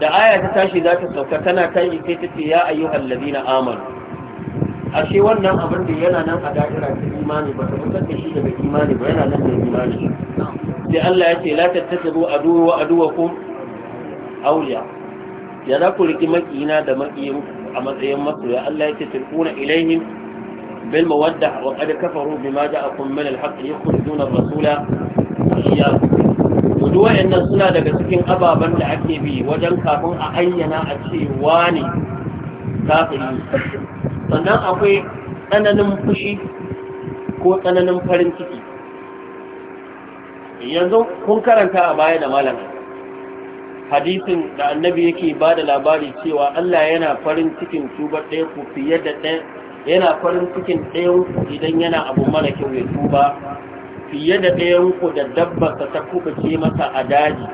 da aya ta tashi za ta sauka tana tashi sai ta ce ya ayyuhal ladina amanu ashe wannan abin da yana nan a da'ira ta imani ba ta fitar da shi daga imani ba yana nan da imani sai Allah ya ce la tattabu aduwa wa aduwakum awliya ya za ku riki makina da makiyin a matsayin masoya Allah ya ce tilkuna ilaihim bil mawadda wa qad kafaru bima ja'akum min al haqq yukhrijuna rasula iyyakum to duk wayannan suna daga cikin ababen da ake bi wajen kafin a ayyana a ce wani sannan akwai tsananin fushi ko tsananin farin ciki yanzu kun karanta a baya da malamin hadisin da annabi yake ba da labari cewa Allah yana farin cikin tuba ɗaya ku fiye da ɗaya yana farin cikin ɗayan idan yana abu mara kyau ya tuba fiye da ɗayan ku da dabba ta kuka ce masa a daji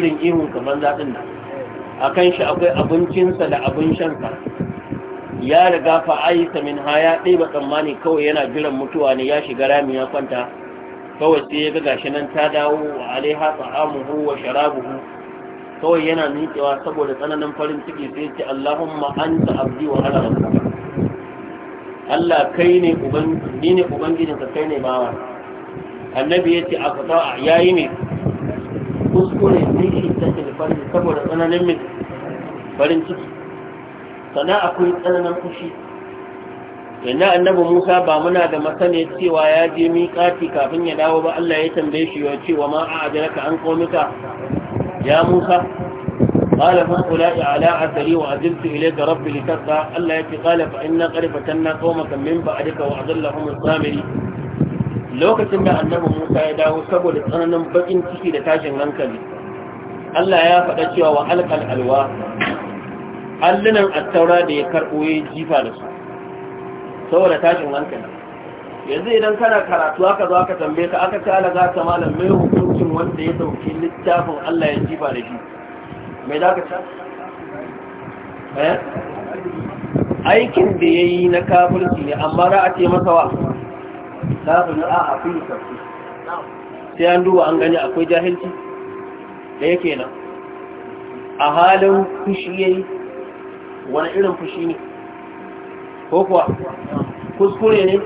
irin ihun kamar zaɗin nan a kan shi akwai abincinsa da abin shanka ya riga fa'aisa min ha ya ba tsammani kawai yana jiran mutuwa ne ya shiga rami ya kwanta kawai sai ya ga gashi nan ta dawo wa alaiha ta'amuhu wa sharabuhu kawai yana miƙewa saboda tsananin farin ciki sai ce Allahumma anta abdi wa ana rabbuka Allah kai ne ubangiji ne ubangijin ka kai ne bawa annabi ya ce a fata yayi ne kuskure ne shi ta farin saboda tsananin mai farin ciki akwai tsananin fushi yanzu annabi musa ba muna da masane cewa ya je miƙati kafin ya dawo ba allah ya tambaye shi wa cewa ma a ka an komika ya musa قال فهؤلاء على أثري وأزلت إليك ربي لترضى الله na قال na قد فتنا قومك من بعدك وأضلهم الصامري lokacin da annabi Musa ya dawo saboda tsananin bakin ciki da tashin hankali Allah ya faɗa cewa wa alqal alwa allunan attaura da ya karɓo ya jifa da su saboda tashin hankali yanzu idan kana karatu aka zo aka tambaye ka aka kala za ta malam mai hukuncin wanda ya dauki littafin Allah ya jifa da shi mai za ka eh? aikin da ya yi na kafirci ne amma za a ce masa wa kafin a a fi kafin sai an duba an gani akwai jahilci da yake nan a halin kushi wani irin fushi ne ko kuwa kuskure ne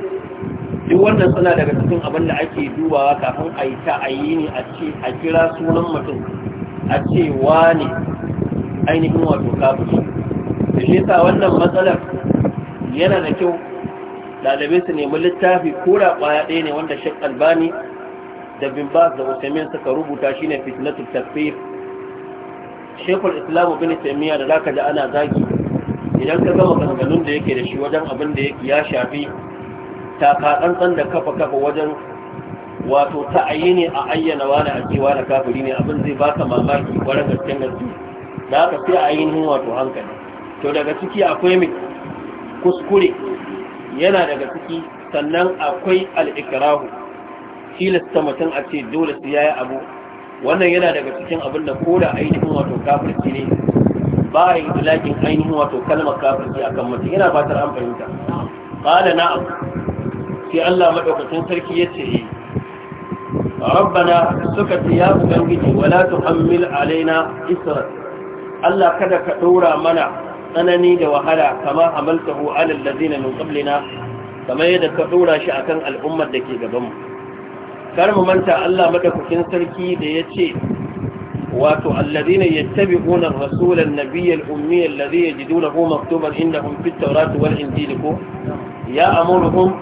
duk wannan suna daga cikin abin da ake dubawa kafin a yi ta a yi ne a kira sunan mutum a ce wane ainihin wato kafushi da shi sa wannan matsalar yana da kyau Dalibai su nemi littafi kura ɓaya ɗaya ne wanda shek albani da bin da usamin suka rubuta shi ne fitnatul tafsir shekul islamu bin taimiyya da zaka ji ana zagi idan ka gama kankanun da yake da shi wajen abin da ya shafi taka tsantsan da kafa kafa wajen wato ta ne a ayyana wani a cewa da kafiri ne abin zai baka mamaki wani gasken gaske da aka fi ayyanin wato hankali to daga ciki akwai mai kuskure yana daga ciki sannan akwai al'ikirahu tilasta mutum a ce dole su yaya abu wannan yana daga cikin abin da ko da ainihin wato kafirci ne ba a yi ilakin ainihin wato kalmar kafirci a kan mutum yana fatar an fahimta ƙala na'am sai Allah maɗaukacin sarki ya ce rabbana suka ce ya ubangiji wala tuhammil alaina isra Allah kada ka ɗora mana tsanani da wahala kama hamaltahu alal ladina min qablina kamar yadda ka ɗora shi akan al'ummar da ke gabanmu kar mu manta Allah maɗaukacin sarki da ya ce واتو الذين يتبعون الرسول النبي الأمي الذي يجدونه مكتوبا عندهم في التوراة والإنجيل يا أمرهم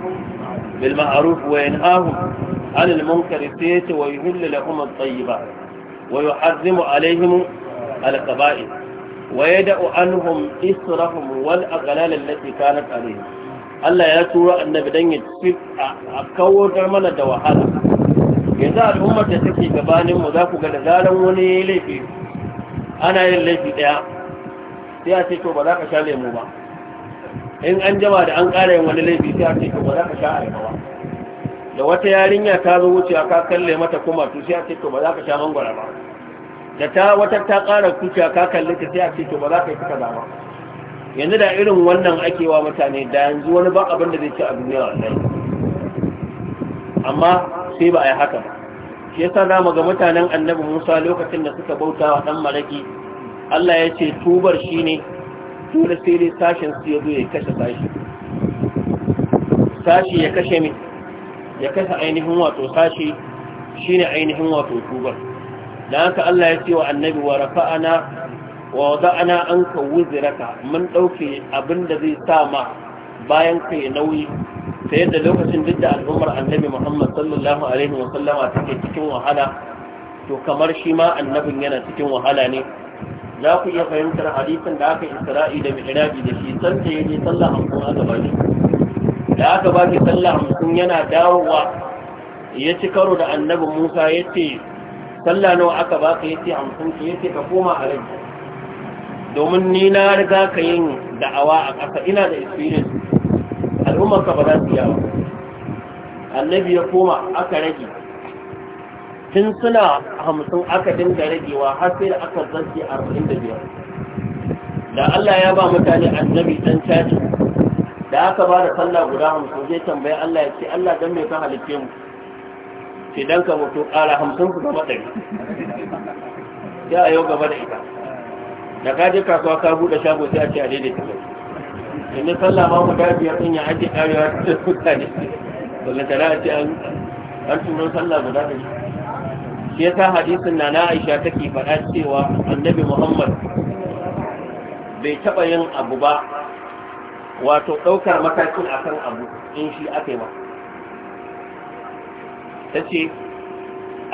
بالمعروف وينهاهم عن المنكر سيت ويهل لهم الطيبات ويحرم عليهم الكبائر ويدع عنهم إسرهم والأغلال التي كانت عليهم الله يا ترى أن بدن يتفق أكور من دواحلهم yanzu al'ummar da take gabanin mu za ku ga da zaran wani ya laifi ana yin laifi ɗaya sai a ce to ba za ka sha lemu ba in an jama da an ƙara yin wani laifi sai a ce to ba za ka sha alkawa da wata yarinya ta zo wucewa ka kalle mata kuma to sai a ce to ba za ka sha mangwara ba da ta wata ta ƙara kuciya ka kalle ta sai a ce to ba za ka yi kaza ba yanzu da irin wannan akewa mutane da yanzu wani ba abin da zai ci a duniya wallahi amma sai ba a yi haka shi yasa za mu ga mutanen annabi musa lokacin da suka bauta wa ɗan malaki allah ya ce tubar shi ne tura sai dai sashen su ya zo ya kashe sashi sashi ya kashe mai ya kashe ainihin wato sashi shi ne ainihin wato tubar da haka allah ya ce wa annabi wa rafa'ana wa wada'ana an ka wuziraka mun ɗauke abin da zai sa ma bayan kai nauyi ta yadda lokacin duk da al'ummar annabi muhammad sallallahu alaihi wa sallama take cikin wahala to kamar shi ma annabin yana cikin wahala ne za ku iya fahimtar hadisin da aka isra'i da mi'raji da shi san da yaje sallah hamsin aka ba shi da aka ba shi sallah hamsin yana dawowa ya ci karo da annabi musa ya ce sallah nawa aka ba ka ya ce hamsin ki ya ce ka koma a rai domin ni na riga ka yin da'awa a ƙasa ina da experience al'ummar ka ba za su yawa annabi ya koma aka rage tun suna hamsin aka dinga ragewa har sai da aka zarce arba'in da biyar da Allah ya ba mutane annabi dan caji da aka ba da sallah guda hamsin zai tambaya Allah ya ce Allah dan me ka halitte mu ce dan ka mutu ƙara hamsin ku gaba ɗari sai a yau gaba da ita da ka je kasuwa ka buɗe shago sai a ce a daidaita mai yanzu sallah ma guda biyar ɗin ya ake karewa ta da mutane ballata da ce an an tuno sallah guda da shi shi ya sa hadisin na aisha take faɗa cewa annabi muhammad bai taɓa yin abu ba wato ɗaukar matakin akan abu in shi aka yi ba ta ce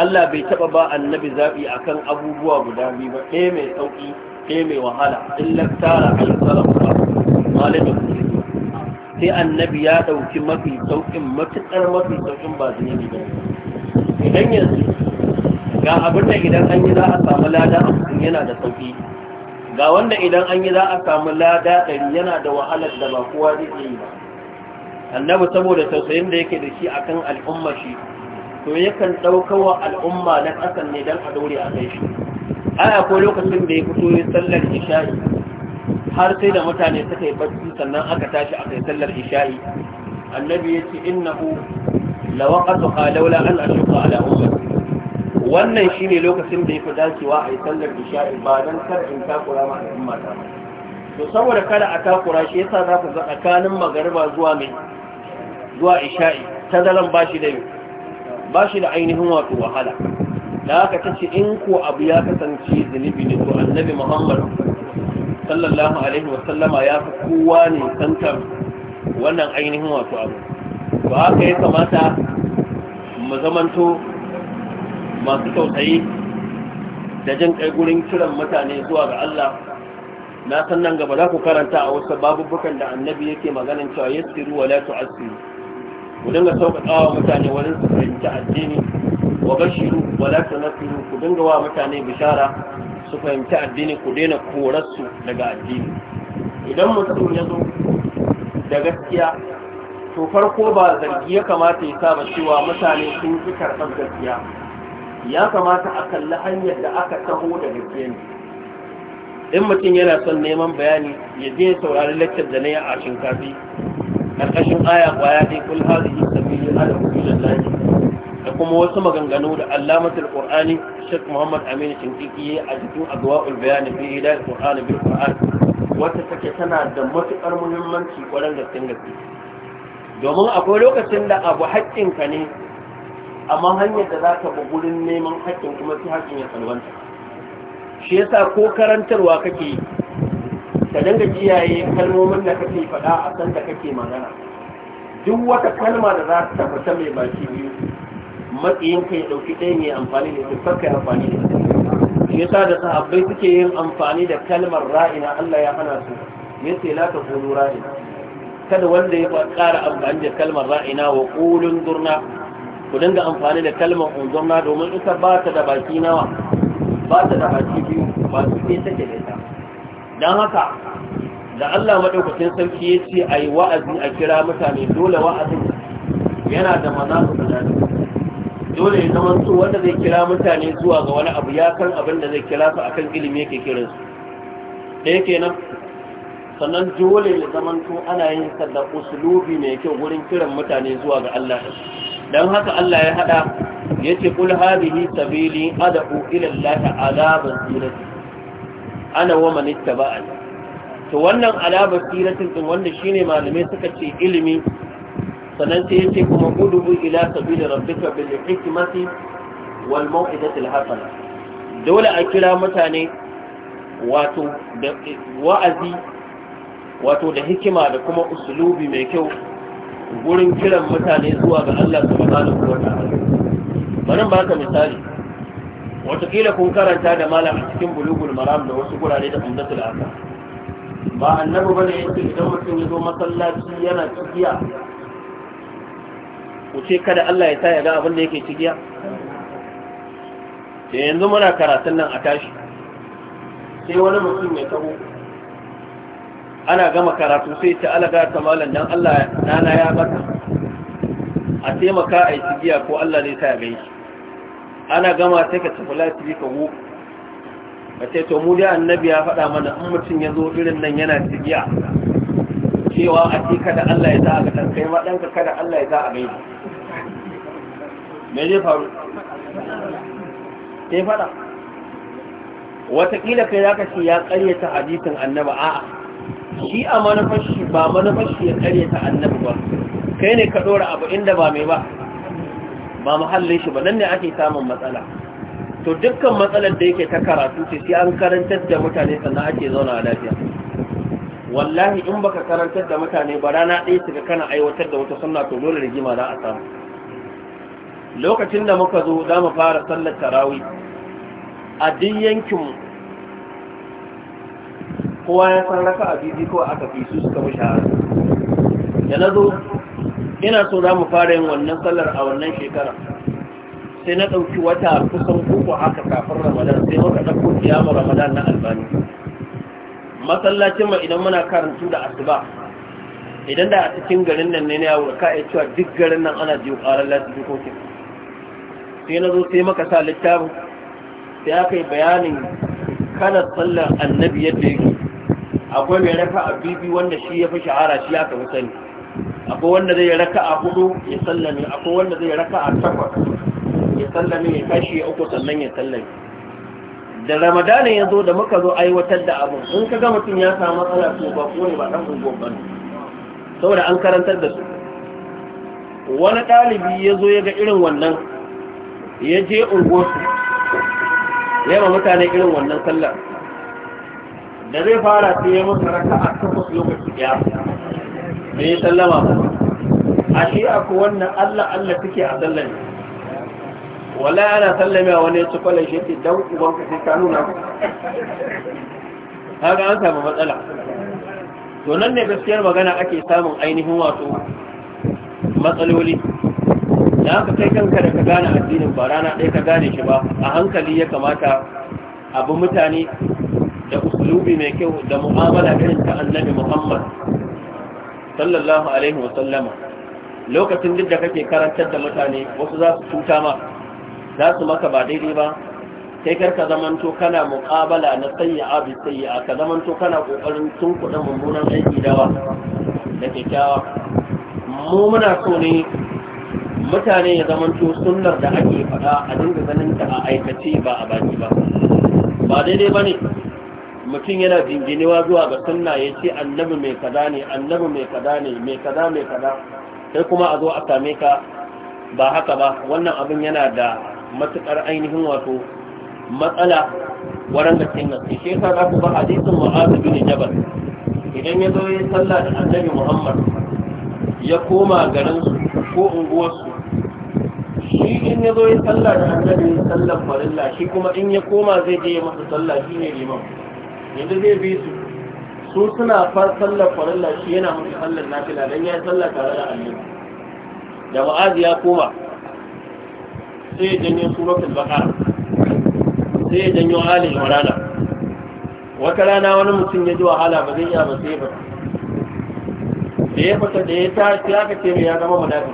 allah bai taɓa ba annabi zaɓi akan abubuwa guda biyu ba ɗaya mai sauƙi ɗaya mai wahala in laftara alƙalar ba ghalibin sai annabi ya ɗauki mafi saukin matukar mafi sauƙin ba zai ne idan yanzu ga abin da idan an yi za a samu lada a cikin yana da sauƙi, ga wanda idan an yi za a samu lada ɗari yana da wahalar da ba kowa zai yi ba annabi saboda tausayin da yake da shi akan al'umma shi to yakan ɗaukawa al'umma na ƙasan ne don a daure a kai shi ai akwai lokacin da ya fito ya sallar isha'i har sai da mutane suka yi bacci sannan aka tashi a kai sallar isha'i annabi ya ce innahu lawaqatu laula an ashuqa ala ummati wannan shine lokacin da yafi dacewa a yi sallar isha'i ba dan kar in takura ma al'umma ta to saboda kada a takura shi yasa za ku ga tsakanin magariba zuwa mai zuwa isha'i tazaran bashi da bashi da ainihin wato wahala da haka tace in ko abu ya kasance zunubi ne to annabi Muhammad sallallahu alaihi wasallama ya fi kowa ne santar wannan ainihin wato abu ba haka ya kamata mu zamanto masu tausayi da jin kai gurin kiran mutane zuwa ga Allah na san nan gaba za ku karanta a wasu babubukan da annabi yake maganin cewa yassiru wa la ku dinga sauƙaƙa wa mutane wani su fahimci addini wa bashiru wa la nasiru ku dinga wa mutane bishara su fahimci addini ku daina korarsu daga addini idan mutum ya zo da gaskiya to farko ba zargi ya kamata ya saba cewa mutane sun fi karɓar gaskiya ya kamata a kalli hanyar da aka taho da gaskiya ne in mutum yana son neman bayani ya je saurari lakcin da na yi a shinkafi ƙarƙashin aya ƙwaya ɗin kulhazi yi sabi yi ala kudu da da kuma wasu maganganu da allamatul qur'ani Sheikh Muhammad aminu Shinkiki a cikin adwa'ul bayan fi hidayat qur'an bil qur'an wata take tana da matuƙar muhimmanci kwarin gaskiya gaske domin akwai lokacin da abu haƙƙinka ne amma hanyar da za ka bi neman haƙƙin kuma sai haƙƙin ya salwanta shi yasa ko karantarwa kake ka dinga kiyaye kalmomin da kake faɗa a san da kake magana duk wata kalma da za ta fita mai baki biyu matsayin ya ɗauki ɗaya ne amfani da ita kai amfani da ita shi sa da sahabbai suke yin amfani da kalmar ra'ina Allah ya hana su yace la taqulu ra'ina kada wanda ya ƙara amfani da kalmar ra'ina wa qulun durna ku dinga amfani da kalmar unzurna domin ita ba ta da baki nawa ba ta da baki biyu ba su ke take da ita dan haka da Allah madaukakin sarki a yi wa'azi a kira mutane dole wa'azin yana da manasaba da dole ya zama su wanda zai kira mutane zuwa ga wani abu ya kan abin da zai kira su akan ilimi yake kiran su ɗaya kenan sannan dole ya zama su ana yin sa usulubi mai kyau wurin kiran mutane zuwa ga Allah dan haka Allah ya hada yace kul hadhihi sabili ad'u ila Allah ta'ala basirati ana wa man ittaba'ani to wannan ala basiratin din wanda shine malume suka ce ilimi sannan sai yace kuma udubu ila sabili rabbika bil hikmati wal mau'izati al hasana dole a kira mutane wato da wa'azi wato da hikima da kuma usulubi mai kyau gurin kiran mutane zuwa ga Allah subhanahu wa ta'ala bari ba ka misali watakila kun karanta da malam a cikin bulugul maram da wasu gurare da umdatul aka ba annabi bane yace idan mutum ya zo masallaci yana tafiya ku ce kada Allah ya sa ya ga abin da yake cigiya? da yanzu muna karatun nan a tashi sai wani mutum ya taho ana gama karatu sai ta alaga ta malam don Allah nana ya bata a taimaka a yi cigiya ko Allah zai sa ya gan ana gama sai ka tafi lafiya ka go ka ce to mu da annabi ya faɗa mana in mutum ya zo irin nan yana cigiya. cewa a ce kada Allah ya za a ga kai waɗanka kada Allah ya za a gaida me zai faru sai fada watakila kai za ka ce ya karyata hadisin annaba a'a shi a shi ba shi ya karyata annaba ba kai ne ka ɗora abu inda ba mai ba ba muhallin shi ba nan ne ake samun matsala to dukkan matsalar da yake ta karatu ce sai an karantar da mutane sannan ake zauna a lafiya wallahi in baka karantar da mutane ba rana ɗaya su ga kana aiwatar da wata sunna to dole rigima za a samu lokacin da muka zo za mu fara sallar tarawi a duk yankin kowa ya san raka a bibi ko aka fi su suka mu shahara da na zo ina so za mu fara yin wannan sallar a wannan shekara sai na ɗauki wata kusan uku aka kafin ramadan sai muka ɗauko kiyama ramadan na albani masallacin ma idan muna karantu da asuba idan da a cikin garin nan ne ya wuka ya cewa duk garin nan ana jiyo lati duk kokin sai na zo sai maka sa littafin sai aka yi bayanin kanar sallar annabi yadda yake akwai mai raka a bibi wanda shi ya fi shahara shi aka fi sani akwai wanda zai raka a hudu ya sallame akwai wanda zai raka a takwas ya sallame ya kashi ya uku sannan ya sallame da ramadanin ya zo da muka zo aiwatar da abin in ka ga mutum ya samu matsala su ba ko ne ba ɗan ungo ba saboda an karantar da su wani ɗalibi ya zo ya ga irin wannan ya je ungo su ya ma mutane irin wannan sallar da zai fara su ya masa raka a takwas lokaci ɗaya da ya sallama ba. a shi aku wannan allah allah suke a sallar ne wala ana sallame wani ya ci kwallon shi ke dan uban ku ka nuna ku an samu matsala to nan ne gaskiyar magana ake samun ainihin wato matsaloli da aka kai kanka da ka gane addinin ba rana ɗaya ka gane shi ba a hankali ya kamata abu mutane da usulubi mai kyau da mu'amala irin ta annabi muhammad sallallahu alaihi wasallama lokacin duk da kake karantar da mutane wasu za su cuta ma za su maka ba daidai ba Sai kar ka zamanto kana muƙabala na sayyi'a sai a ka zamanto kana kokarin tun kuɗin mummunan aiki dawa da kyakkyawa mu muna so ne mutane ya zamanto sunnar da ake faɗa a dinga ganin ta a aikace ba a baki ba ba daidai ba ne mutum yana jinginewa zuwa ga sunna ya ce annabi mai kaza ne annabi mai kaza ne mai kaza mai kaza sai kuma a zo a same ka ba haka ba wannan abin yana da matuƙar ainihin wato matsala waran da cin gaske shi yasa za ku ba hadisin mu'azu bin jabal idan ya zo ya sallah da annabi muhammad ya koma garin su ko unguwar su shi in ya zo ya sallah da annabi sallar farilla shi kuma in ya koma zai je ya masa salla shi ne liman yanzu zai bi su su suna far sallar farilla shi yana masa sallar nafila dan ya sallah tare da annabi da mu'azu ya koma sai ya janyo suratul baqara sai ya janyo ali warana wata rana wani mutum ya ji wahala ba zai iya ba sai ba da ya fata da ya tashi aka ce ya gama munafi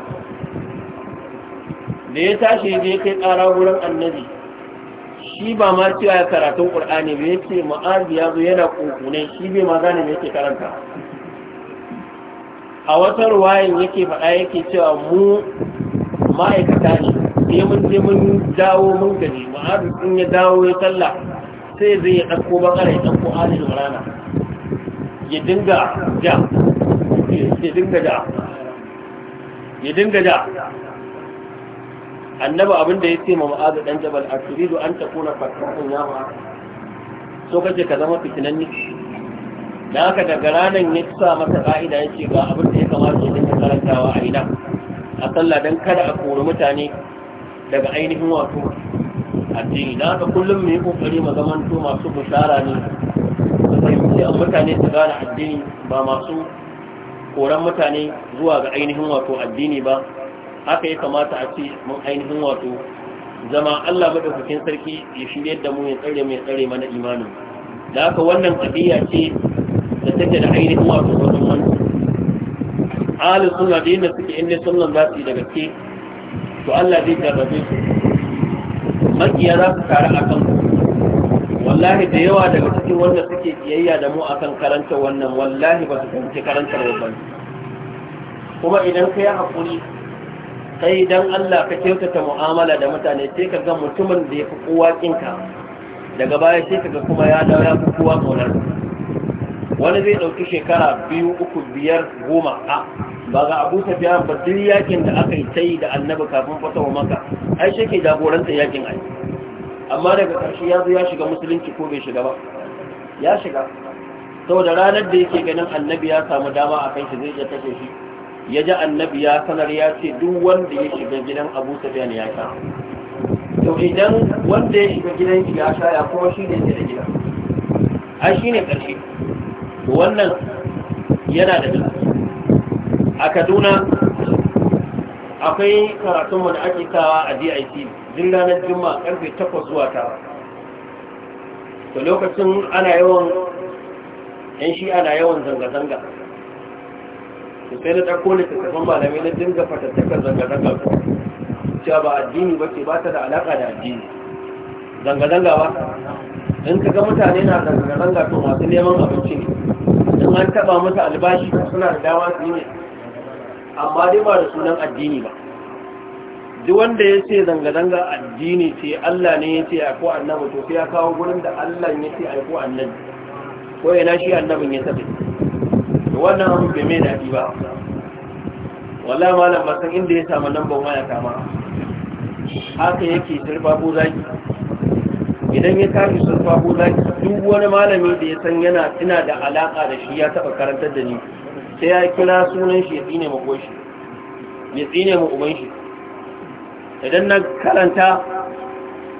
da ya tashi ya kai ƙara wurin annabi shi ba ma cewa ya karatun qur'ani ba ya ce ma'azi ya zo yana ƙunƙune shi bai ma gane me yake karanta a wata ruwayin yake faɗa yake cewa mu ma'aikata ne ya mun je mun dawo mun gaji ma'adu in ya dawo ya sallah sai zai ya ɗauko bakara ya ɗauko alil rana ya dinga ja ya dinga da ya dinga ja annaba abin da ya ce ma ma'adu dan jabal a turidu an takuna fatakun ya ma so kace ka zama fitinanni da haka daga ranar ya sa masa ka'ida ya ce ga abin da ya kamata ya dinga karantawa a ina a sallah don kada a kori mutane daga ainihin wato addini na haka kullum mai yi kokari mu zaman to masu bishara ne su fahimci a mutane su gane addini ba masu koran mutane zuwa ga ainihin wato addini ba haka ya kamata a ce mun ainihin wato zama Allah madaukakin sarki ya shirye da mu ya tsare mai tsare mana imanin da haka wannan kadiya ce da take da ainihin wato wannan ahlus sunna da yadda suke inda sunan zasu daga yi da to Allah zai jarrabe su makiya za su tare a kan wallahi da yawa daga cikin wanda suke kiyayya da mu akan karanta wannan wallahi ba su fahimci karantar wannan kuma idan ka yi haƙuri kai dan Allah ka kyautata mu'amala da mutane sai ka ga mutumin da ya fi kowa kinka daga baya sai ka ga kuma ya dawo ya fi kowa kaunar wani zai ɗauki shekara biyu uku biyar goma a ba ga abu biya ba duk yakin da aka yi sai da annabi kafin wa maka ai shi ke jagoranta yakin ai amma daga ƙarshe ya zo ya shiga musulunci ko bai shiga ba ya shiga saboda ranar da yake ganin annabi ya samu dama a kan shi zai iya kashe shi ya ji annabi ya sanar ya ce duk wanda ya shiga gidan abu biya ne ya sha to idan wanda ya shiga gidan shi ya sha ya kuma shi ne da gida ai shi ne ƙarshe wannan yana da a kaduna akwai karatun wani ake kawa a dic din ranar juma karfe 8 zuwa tara. to lokacin ana yawan yan shi ana yawan zanga-zanga su sai na ɗarko da tattafan malamai na dinga fatattakar zanga-zanga cewa ba addini ba ce ba ta da alaƙa da addini zanga-zanga ba in ka ga mutane na zanga-zanga to masu neman abinci ne in an taɓa masa albashi suna da dama su yi ne amma dai ba da sunan addini ba duk wanda ya ce zanga-zanga addini ce Allah ne ya ce aiko annabi to ya kawo gurin da Allah ya ce aiko annabi ko yana shi annabin ya tafi to wannan abu bai mai dadi ba wallahi malam ba san inda ya samu lambar waya ma. haka yake turba ko zaki idan ya kafi surfa ko zaki duk wani malami da ya san yana ina da alaka da shi ya taba karantar da ni sai ya kira sunan shi ya tsine ma goshi ya tsine ma uban shi idan na karanta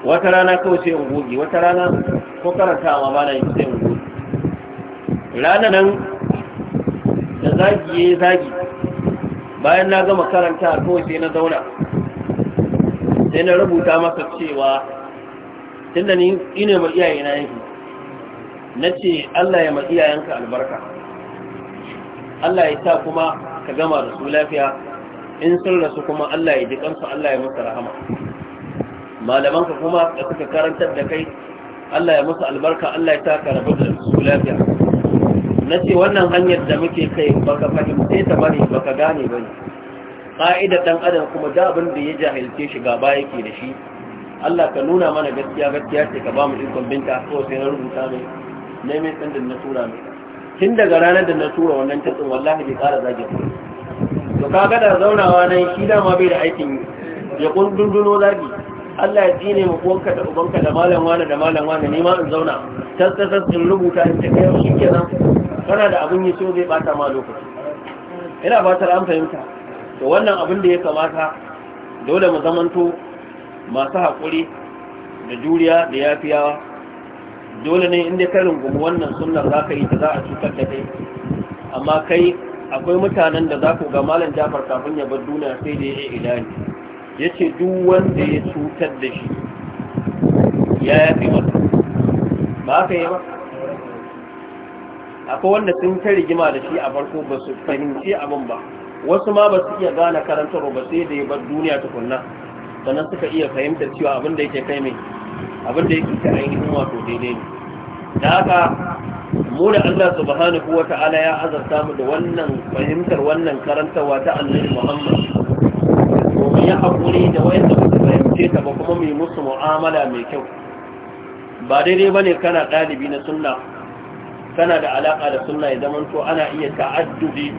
wata rana kawai sai in goge wata rana ko karanta ma ba na yi sai in goge rana nan da zagi ya zagi bayan na gama karanta kawai sai na zauna sai na rubuta maka cewa tunda ni ina ma iyayena yake na ce Allah ya ma iyayenka albarka Allah ya sa kuma ka gama da su lafiya in sun rasu kuma Allah ya ji kansu Allah ya musu rahama malamanka kuma da suka karantar da kai Allah ya musu albarka Allah ya sa ka rabu da su lafiya na ce wannan hanyar da muke kai baka fahimce ta bane baka gane bane ƙa'idar ɗan adam kuma da abin da ya jahilce shi baya yake da shi Allah ka nuna mana gaskiya gaskiya ce ka ba mu ikon binta ko sai na rubuta mai neman tsandin na tura mai tun daga ranar da na tura wannan tattun, wallahi bai kara zagin to ka da zaunawa nan shi dama bai da aikin ya dunduno zagi Allah ya tsine mu uwanka da ubanka da malam wani da malam wani ne ma in zauna tattasas in rubuta in ta kai shi kenan kana da abin yi so zai bata ma lokaci ina ba ta an fahimta to wannan abin da ya kamata dole mu zamanto masu haƙuri da juriya da yafiyawa dole ne inda ka rungumi wannan sunnar za ka yi ta za a cutar da kai amma kai akwai mutanen da za ku ga malam jafar kafin ya bar duniya sai da ya yi idani ya ce duk wanda ya cutar da shi ya yafi masa ba ka yi ba akwai wanda sun ta rigima da shi a farko ba su fahimci abin ba wasu ma ba su iya gane karantarwa ba sai da ya bar duniya tukunna sannan suka iya fahimtar cewa abin da yake kai mai abin da yake ka ainihin wato daidai ne da haka mu da Allah subhanahu wa ta'ala ya azarta mu da wannan fahimtar wannan karantarwa ta Annabi Muhammad domin ya hakuri da wayanda ba fahimce ta ba kuma mai musu mu'amala mai kyau ba daidai bane kana ɗalibi na sunna kana da alaka da sunna ya zamanto ana iya ta'addubi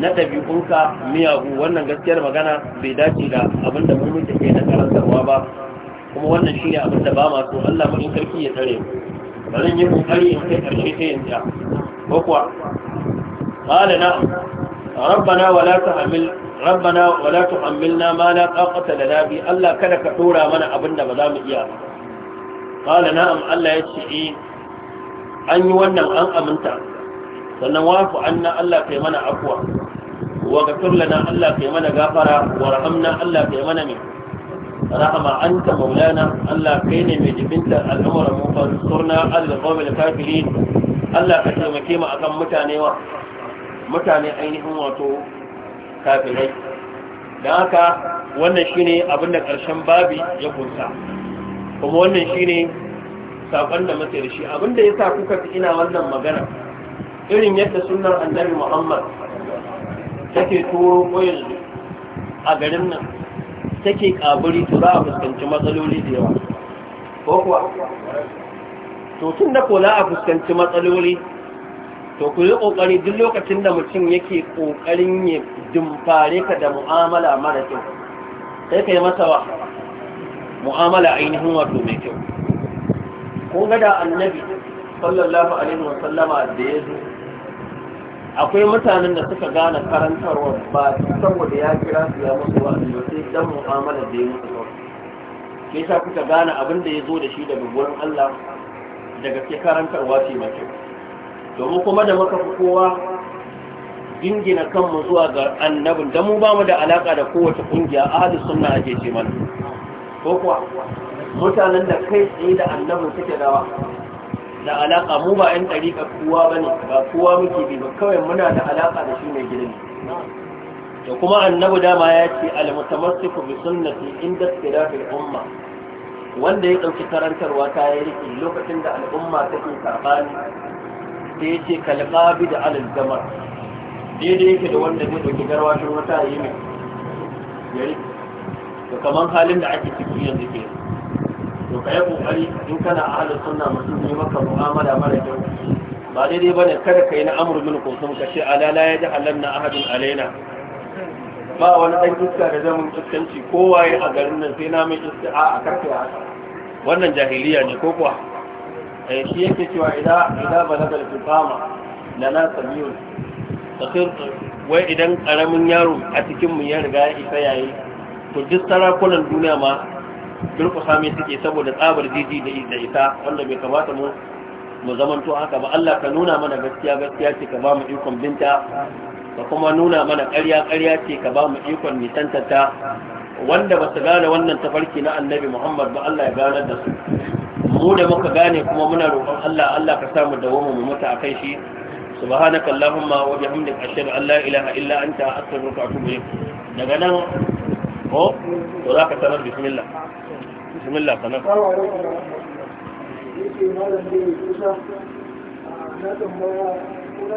na ɗabi'unka miyagu wannan gaskiyar magana bai dace da abin da mun mutu ke na karantarwa ba kuma wannan shi ne abin da ba masu. so Allah mai sarki ya tare ba zan yi kokari in kai karshe ta yin ta ko kuwa qala na rabbana wala tahmil rabbana wala tuhammilna ma la taqata lana bi Allah kada ka dora mana abin da ba za mu iya ba qala na'am Allah ya ce eh, an yi wannan an aminta sannan wafu na Allah kai mana afwa wa ghafir lana Allah kai mana gafara wa rahamna Allah kai mana mai rahama ta maulana Allah kai ne mai jibinta al'amuran mu surna al-qawmil kafirin Allah ka taimake mu akan mutane wa mutane ainihin wato kafirai don haka wannan shine abin da ƙarshen babi ya kunsa kuma wannan shine sakon da muke da shi abin da ya sa kuka fi ina wannan magana irin yadda sunan annabi muhammad take turo yanzu a garin nan take kaburi to za a fuskanci matsaloli da yawa ko kuwa to tun da ko za a fuskanci matsaloli to ku yi ƙoƙari duk lokacin da mutum yake ƙoƙarin ya dumfare ka da mu'amala mara kyau sai ka yi masa wa mu'amala ainihin wato mai kyau ko ga da annabi sallallahu alaihi wa sallama da ya zo akwai mutanen da suka gane karantarwa ba saboda ya kira su ya musu wa annabi sai dan mu'amala da ya musu kawai sai kuka gane abin da ya zo da shi daga gurin Allah daga gaske karantarwa ce mace domin kuma da muka fi kowa gingina kanmu zuwa ga annabin da mu ba mu da alaka da kowace kungiya ahadu sunna ake ce mana ko kuwa mutanen da kai tsaye da annabin suke dawa da alaƙa mu ba 'yan ɗariƙa kowa ba ne ba kowa muke bi ba kawai muna da alaƙa da shi mai gidan da kuma annabu dama ya ce almutamassiku bi sunnati inda tilafil umma wanda ya ɗauki karantarwa ta yi riki lokacin da al'umma take sabani sai ya ce bi da alal jamar daidai yake da wanda zai ɗauki garwashin wata yi mai yari to kamar halin da ake ciki yanzu ke to kai kokari in kana ahlus sunna mutum ne maka mu'amala mara kyau ba daidai bane kada kai na amru min kusum ka ce ala la yaji alanna ahadin alaina ba wani dan iska da zamu iskanci kowaye a garin nan sai na mai isti'a a karfe haka wannan jahiliya ne ko kuwa eh shi yake cewa idan idan balagal fama lana samiyun tafir wai idan karamin yaro a cikin mu ya riga ya isa yayi to duk sarakunan duniya ma durkusa mai suke saboda tsabar jiji da ita wanda bai kamata mu mu zamanto haka ba Allah ka nuna mana gaskiya gaskiya ce ka ba mu ikon binta ka kuma nuna mana ƙarya ƙarya ce ka ba mu ikon nisantarta wanda ba su gane wannan tafarki na annabi Muhammad ba Allah ya gane da su mu da muka gane kuma muna roƙon Allah Allah ka samu dawoma mu mutu akan shi subhanaka allahumma wa bihamdika ashhadu an la ilaha illa anta astaghfiruka wa atubu ilayk daga nan ko to zaka sanar bismillah bismillah sanan ah, na tambaya